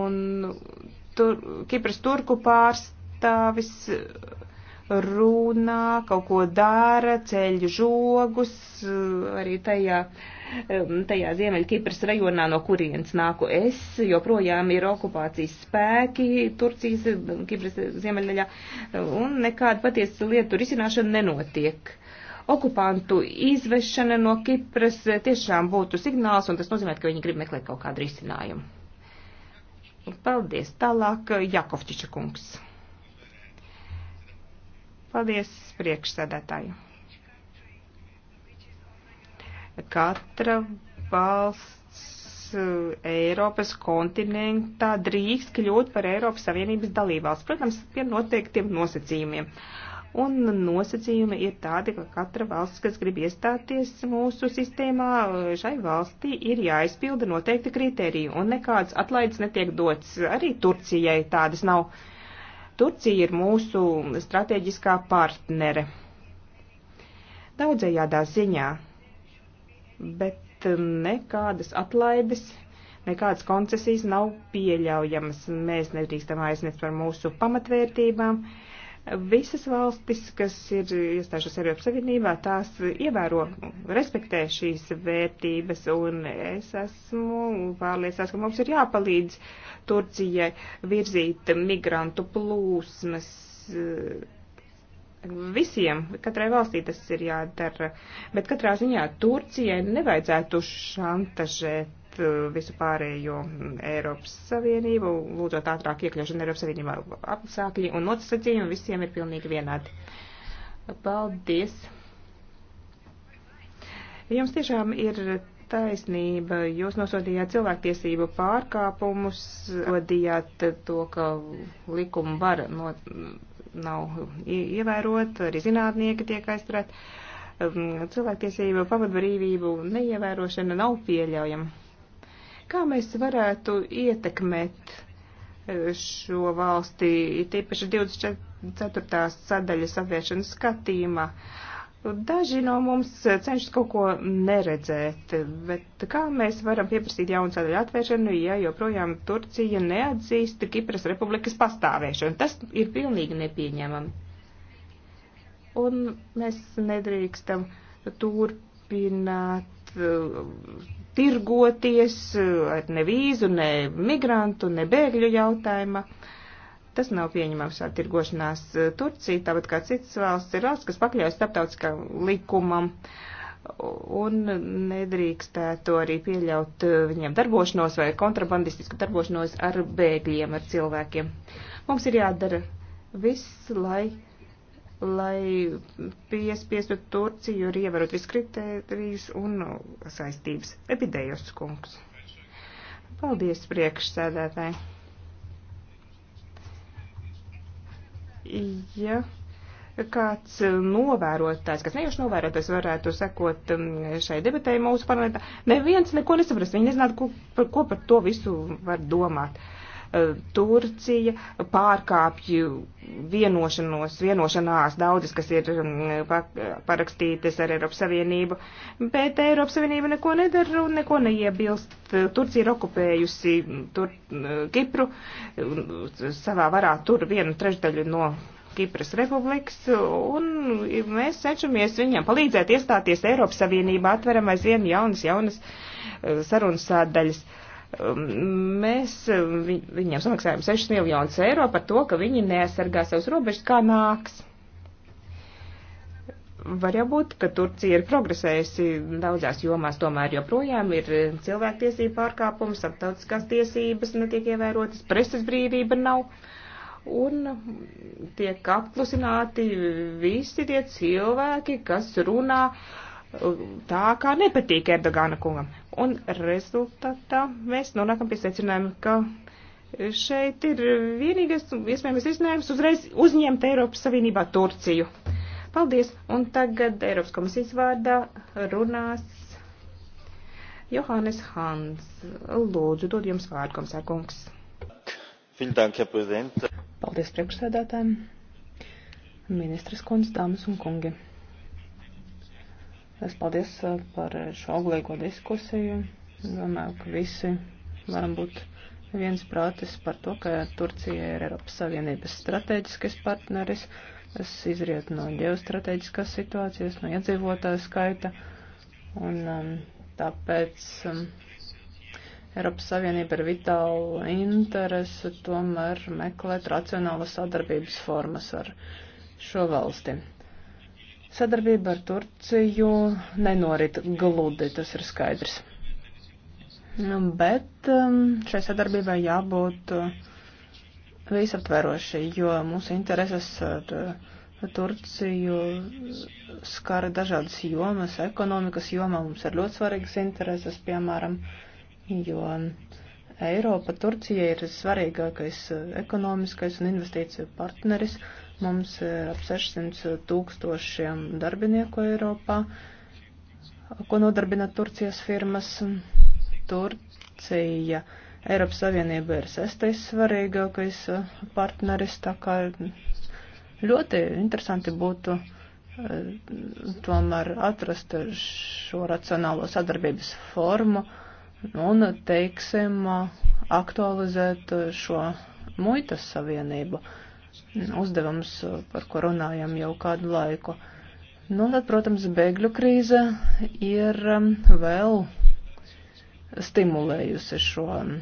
Un tur, Kipras turku pārst pārstāvis eh, runā, kaut ko dara, ceļ žogus, eh, arī tajā, eh, tajā Ziemeļkipras rajonā, no kurienes nāku es, joprojām ir okupācijas spēki Turcijas, Kipras ziemeļdaļā, un nekāda patiesa lietu risināšana nenotiek. Okupantu izvešana no Kipras tiešām būtu signāls, un tas nozīmē, ka viņi grib meklēt kaut kādu risinājumu. Paldies. Tālāk Jakovčiča kungs. Paldies priekšsēdētāju. Katra valsts eh, Eiropas kontinentā drīkst kļūt par Eiropas Savienības dalībvalsts, protams, pie noteiktiem nosacījumiem. Un nosacījumi ir tādi, ka katra valsts, kas grib iestāties mūsu sistēmā, eh, šai valstī ir jāizpilda noteikti kriteriji, un nekāds atlaids netiek dots. Arī Turcijai tādas nav. Uh, Turcija ir mūsu strateģiskā partnere. Daudzējādā ziņā, bet um, nekādas atlaides, nekādas koncesijas nav pieļaujamas. Mēs nedrīkstam aizmirst par mūsu pamatvērtībām. Uh, Visas valstis, kas ir iestājušās Eiropas Savienībā, tās ievēro, respektē šīs vērtības, un es esmu pārliecināts, ka mums ir jāpalīdz Turcijai virzīt migrantu plūsmas visiem, katrai valstī tas ir jādara, bet katrā ziņā Turcijai nevajadzētu šantažēt Uh, visu pārējo Eiropas Savienību, lūdzot ātrāk iekļaušanu Eiropas Savienībā apsākļi un nosacījumi visiem ir pilnīgi vienādi. Paldies! Jums tiešām ir taisnība. Jūs nosodījāt cilvēktiesību pārkāpumus, sodījāt to, ka likuma var no, nav ievērot, arī zinātnieki tiek aizturēt. Um, cilvēktiesību pamatbrīvību neievērošana nav pieļaujama. Kā mēs varētu ietekmēt e, šo valstī, tīpaši 24. sadaļas atvēršanas skatījumā? Daži no mums cenšas kaut ko neredzēt, bet kā mēs varam pieprasīt jaunu sadaļu atvēršanu, ja joprojām Turcija neatzīst Kipras republikas pastāvēšanu? Tas ir pilnīgi nepieņemami. Un mēs nedrīkstam turpināt tirgoties ar ne vīzu, ne migrantu, ne bēgļu jautājuma. Tas nav pieņemams šāda tirgošanās Turcija, tāpat kā citas valsts ir valsts, kas pakļaujas starptautiskam likumam un nedrīkstētu arī pieļaut viņiem darbošanos vai kontrabandistisku darbošanos ar bēgļiem, ar cilvēkiem. Mums ir jādara viss, lai lai piespiestu Turciju ir ievarot visu kritērijus un saistības. Epidējos kungs. Paldies priekšsēdētāji. Ja kāds novērotājs, kas nejuši novērotājs varētu sekot um, šai debatēji mūsu parlamentā, neviens neko nesaprast, viņi nezinātu, ko, ko par to visu var domāt. Uh, Turcija pārkāpju vienošanos, vienošanās daudzas, kas ir um, parakstītas ar Eiropas Savienību, bet Eiropas Savienība neko nedara un neko neiebilst. Turcija ir okupējusi um, tur, um, Kipru, savā varā tur vienu trešdaļu no Kipras republikas, un mēs cenšamies viņiem palīdzēt iestāties Eiropas Savienībā, atveram aizvien jaunas, jaunas sarunas sādaļas. Uh, Mēs viņiem samaksājam 6 miljonus eiro par to, ka viņi neaizsargā savus robežas kā nāks. Var jau būt, ka Turcija ir progresējusi daudzās jomās, tomēr joprojām ir cilvēktiesība pārkāpums, starptautiskās tiesības netiek ievērotas, preses brīvība nav. Un tiek apklusināti visi tie cilvēki, kas runā uh, tā kā nepatīk Erdogana kungam. Un rezultātā mēs nonākam pie secinājuma, ka šeit ir vienīgais iespējamais risinājums uzreiz uzņemt Eiropas Savienībā Turciju. Paldies! Un tagad Eiropas komisijas vārdā runās Johannes Hans. Lūdzu, dod jums vārdu, komisārkungs. Paldies priekšsēdētājiem, ministras kundze, dāmas un kungi. Es paldies eh, par eh, šo auglīgo diskusiju. Domāju, ka visi varam būt viens prātis par to, ka Turcija ir Eiropas Savienības strateģiskais partneris. Tas izriet no ģeostrateģiskās situācijas, no iedzīvotāju skaita. Un um, tāpēc um, Eiropas Savienība ir vitāla interese tomēr meklēt racionālas sadarbības formas ar šo valsti. Sadarbība ar Turciju nenorit gludi, tas ir skaidrs. Nu, bet um, šai sadarbībai jābūt uh, visaptverošai, jo mūsu intereses uh, Turciju skara dažādas jomas, ekonomikas jomā mums ir ļoti svarīgas intereses, piemēram, jo Eiropa Turcija ir svarīgākais uh, ekonomiskais un investīciju partneris. Uh, Mums ir ap 600 tūkstošiem darbinieku Eiropā, ko nodarbina Turcijas firmas. Turcija. Eiropas Savienība ir sestais svarīgākais partneris, tā kā ļoti interesanti būtu eh, tomēr atrast šo racionālo sadarbības formu un, teiksim, aktualizēt šo muitas savienību. Uh, uzdevums, par ko runājam jau kādu laiku. Nu, tad, protams, bēgļu krīze ir um, vēl stimulējusi šo um,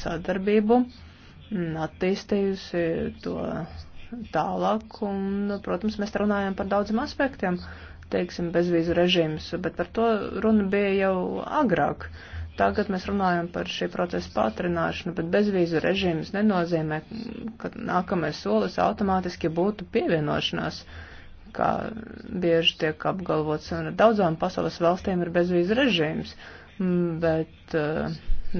sadarbību, attīstījusi to tālāk, un, protams, mēs runājam par daudziem aspektiem, teiksim, bezvīzu režīms, bet par to runa bija jau agrāk. Uh, Tagad mēs runājam par šī procesa pātrināšanu, bet bezvīzu režīms nenozīmē, ka nākamais solis automātiski būtu pievienošanās, kā bieži tiek apgalvots, un daudzām pasaules valstīm ir bezvīzu režīms, mm, bet eh,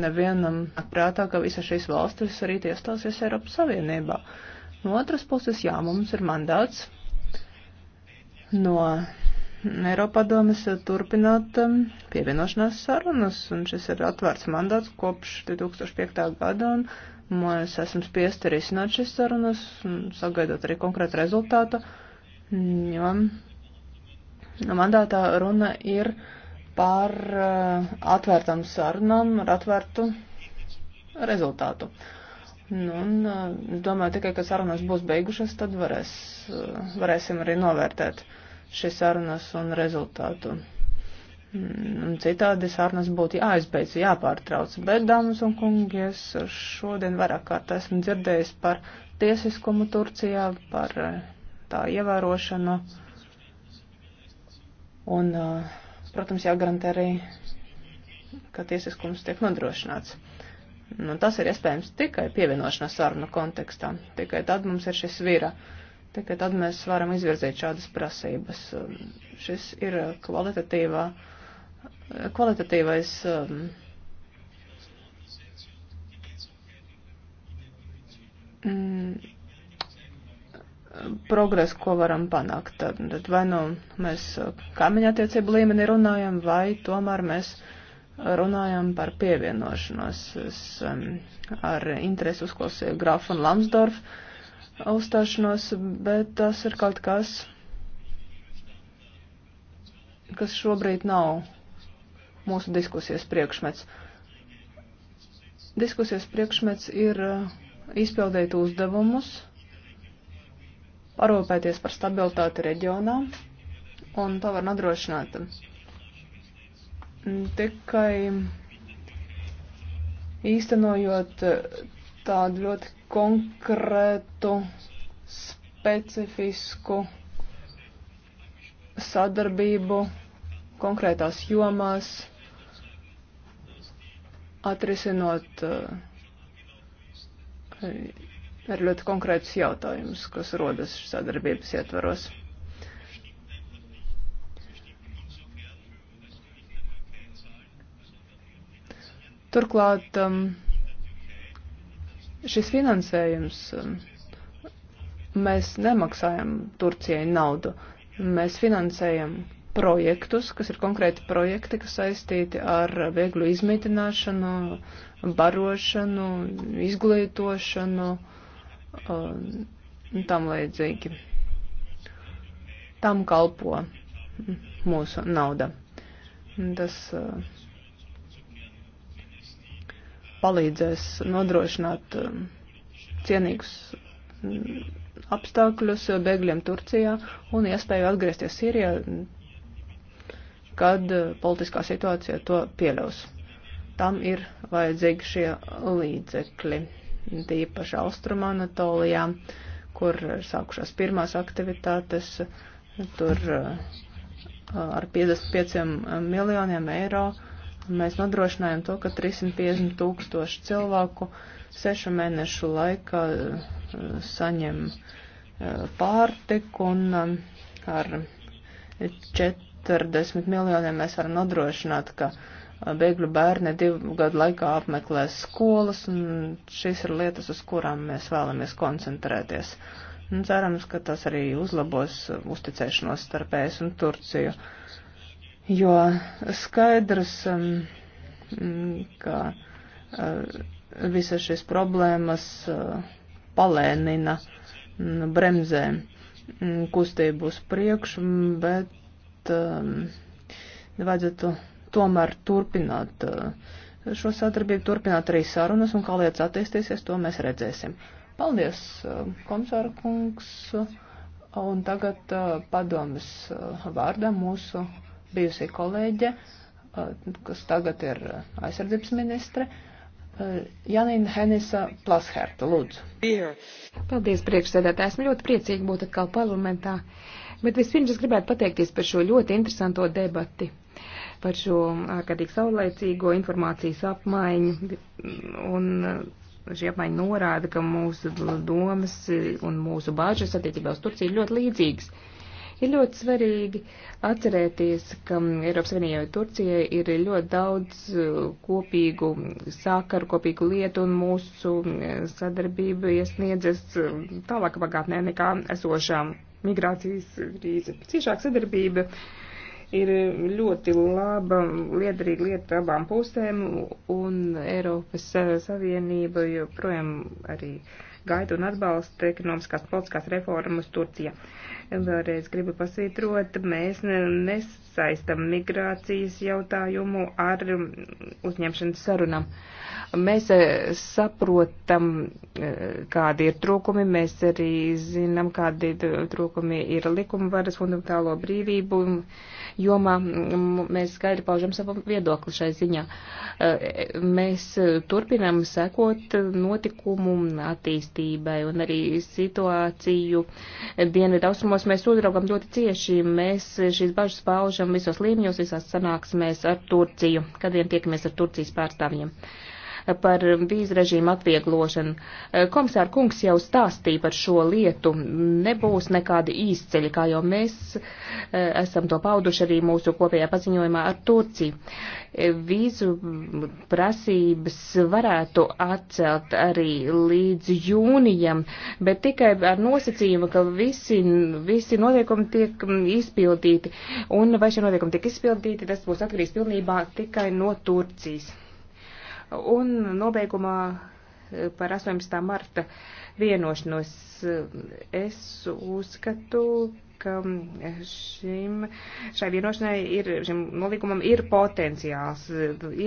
nevienam prātā, ka visa šīs valstis arī iestāsies Eiropas Savienībā. No otras puses, jā, mums ir mandāts no Eiropadomes turpināt um, pievienošanās sarunas, un šis ir atvērts mandāts kopš 2005. gada, un mēs esam spiest arī izsināt šīs sarunas, sagaidot arī konkrētu rezultātu, jo mandātā runa ir par uh, atvērtām sarunām ar atvērtu rezultātu. Nu, un, uh, es domāju, tikai, kad sarunas būs beigušas, tad varēs, uh, varēsim arī novērtēt uh, šīs sarunas un rezultātu. Mm, un citādi sarunas būtu jāizbeidz, jāpārtrauc. Bet, dāmas un kungi, es šodien vairāk kārt esmu dzirdējis par tiesiskumu Turcijā, par eh, tā ievērošanu. Un, eh, protams, jāgarantē arī, ka tiesiskums tiek nodrošināts. Nu, tas ir iespējams tikai pievienošanās sarunu kontekstā. Tikai tad mums ir šis vīra. Uh, Tikai tad mēs varam izvirzīt šādas prasības. Um, šis ir kvalitatīvā, kvalitatīvais um, mm, progress, ko varam panākt. Tad, tad vai nu mēs kaimiņa attiecību līmenī runājam, vai tomēr mēs runājam par pievienošanos. Es um, ar interesi uzklausīju grafu un Lamsdorfu uzstāšanos, bet tas ir kaut kas, kas šobrīd nav mūsu diskusijas priekšmets. Diskusijas priekšmets ir uh, izpildīt uzdevumus, parūpēties par stabilitāti reģionā, un to var nodrošināt tikai īstenojot uh, tādu ļoti konkrētu specifisku sadarbību konkrētās jomās, atrisinot ar eh, ļoti konkrētus jautājumus, kas rodas sadarbības ietvaros. Turklāt um, Šis finansējums, um, mēs nemaksājam Turcijai naudu, mēs finansējam projektus, kas ir konkrēti projekti, kas saistīti ar vieglu izmitināšanu, barošanu, izglītošanu um, un tam līdzīgi. Tam kalpo mūsu nauda. Tas uh, palīdzēs nodrošināt um, cienīgus um, apstākļus bēgļiem Turcijā un iespēju atgriezties Sīrijā, kad uh, politiskā situācija to pieļaus. Tam ir vajadzīgi šie līdzekļi, tīpaši Austrum Anatolijā, kur sākušās pirmās aktivitātes, tur uh, ar 55 miljoniem eiro uh, Mēs nodrošinājām to, ka 350 tūkstoši cilvēku sešu mēnešu laikā eh, saņem eh, pārtiku un eh, ar 40 miljoniem mēs varam nodrošināt, ka bēgļu bērni divu gadu laikā apmeklēs skolas, un šīs ir lietas, uz kurām mēs vēlamies koncentrēties. Un cerams, ka tas arī uzlabos uzticēšanos starp ES un Turciju. Uh, jo skaidrs, um, ka uh, visas šīs problēmas uh, palēnina, mm, bremzē mm, kustību uz priekšu, bet um, vajadzētu tomēr turpināt uh, šo sadarbību, turpināt arī sarunas, un kā lietas attīstīsies, to mēs redzēsim. Paldies, komisāra kungs, un tagad padomas vārdā mūsu bijusī kolēģe, uh, kas tagad ir uh, aizsardzības ministre. Uh, Janina Henisa Plasherta, lūdzu. Paldies, priekšsēdētāji. Esmu ļoti priecīgi būt atkal parlamentā, bet vispirms es gribētu pateikties par šo ļoti interesanto debati par šo ārkārtīgi saulēcīgo informācijas apmaiņu. Un šī apmaiņa norāda, ka mūsu domas un mūsu bāžas attiecībā uz Turciju ļoti līdzīgas. Uh, Ir ļoti svarīgi atcerēties, ka Eiropas Savienībai Turcijai ir ļoti daudz uh, kopīgu sākaru, kopīgu lietu, un mūsu uh, sadarbība iesniedzas uh, tālāk pagātnē nekā esošā migrācijas krīze. Ciešāk sadarbība ir ļoti laba, liederīga lieta abām pusēm, un Eiropas Savienība joprojām arī gaida un atbalsta ekonomiskās politiskās reformas Turcijā. Vēlreiz gribu pasvītrot, mēs nesaistam migrācijas jautājumu ar uzņemšanas sarunām. Mēs eh, saprotam, eh, kādi ir trūkumi, mēs arī zinām, kādi trūkumi ir likuma varas fundamentālo brīvību jomā. Mēs skaidri paužam savu viedokli šai ziņā. Eh, mēs turpinām sekot notikumu attīstībai un arī situāciju dienvidaustrumos jautājumos mēs uzraugam ļoti cieši. Mēs šīs bažas paužam visos līmeņos, visās sanāksmēs ar Turciju, kad vien tiekamies ar Turcijas pārstāvjiem. Uh, par vīzu režīmu atvieglošanu. Eh, Komisāra kungs jau stāstīja par šo lietu. Nebūs nekādi īsceļi, kā jau mēs eh, esam to pauduši arī mūsu kopējā paziņojumā ar Turciju. Eh, vīzu prasības varētu atcelt arī līdz jūnijam, bet tikai ar nosacījumu, ka visi, visi noteikumi tiek mm, izpildīti. Un vai šie noteikumi tiek izpildīti, tas būs atkarīgs pilnībā tikai no Turcijas. Un nobeigumā eh, par 18. marta vienošanos es uzskatu, ka šim, šai vienošanai ir, šim nolīgumam ir potenciāls,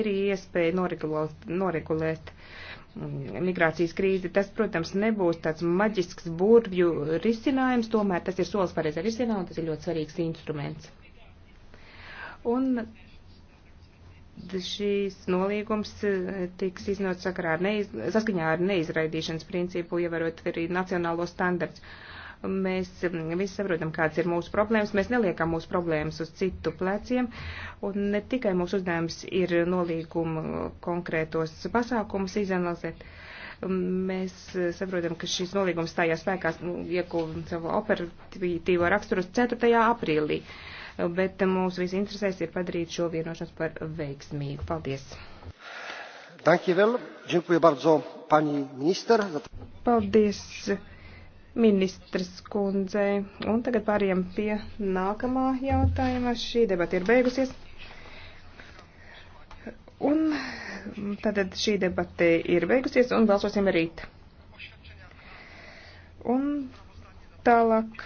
ir iespēja noregulēt, noregulēt mm, migrācijas krīzi. Tas, protams, nebūs tāds maģisks burvju risinājums, tomēr tas ir solis pareizā risinājumā, tas ir ļoti svarīgs instruments. Un šīs nolīgums e, tiks iznots sakarā ar neiz, saskaņā ar neizraidīšanas principu, ievarot arī nacionālo standarts. Mēs e, visi saprotam, kāds ir mūsu problēmas, mēs neliekam mūsu problēmas uz citu pleciem, un ne tikai mūsu uzdevums ir nolīguma konkrētos pasākumus izanalizēt, mēs e, saprotam, ka šis nolīgums stājās spēkā, nu, iekuva savu operatīvo raksturu 4. aprīlī. Uh, bet mūs visi interesēs ir padarīt šo vienošanos par veiksmīgu. Paldies! Paldies ministres kundzei. Un tagad pārējām pie nākamā jautājuma. Šī debata ir beigusies. Un tātad šī debata ir beigusies un balsosim rīt. Un tālāk.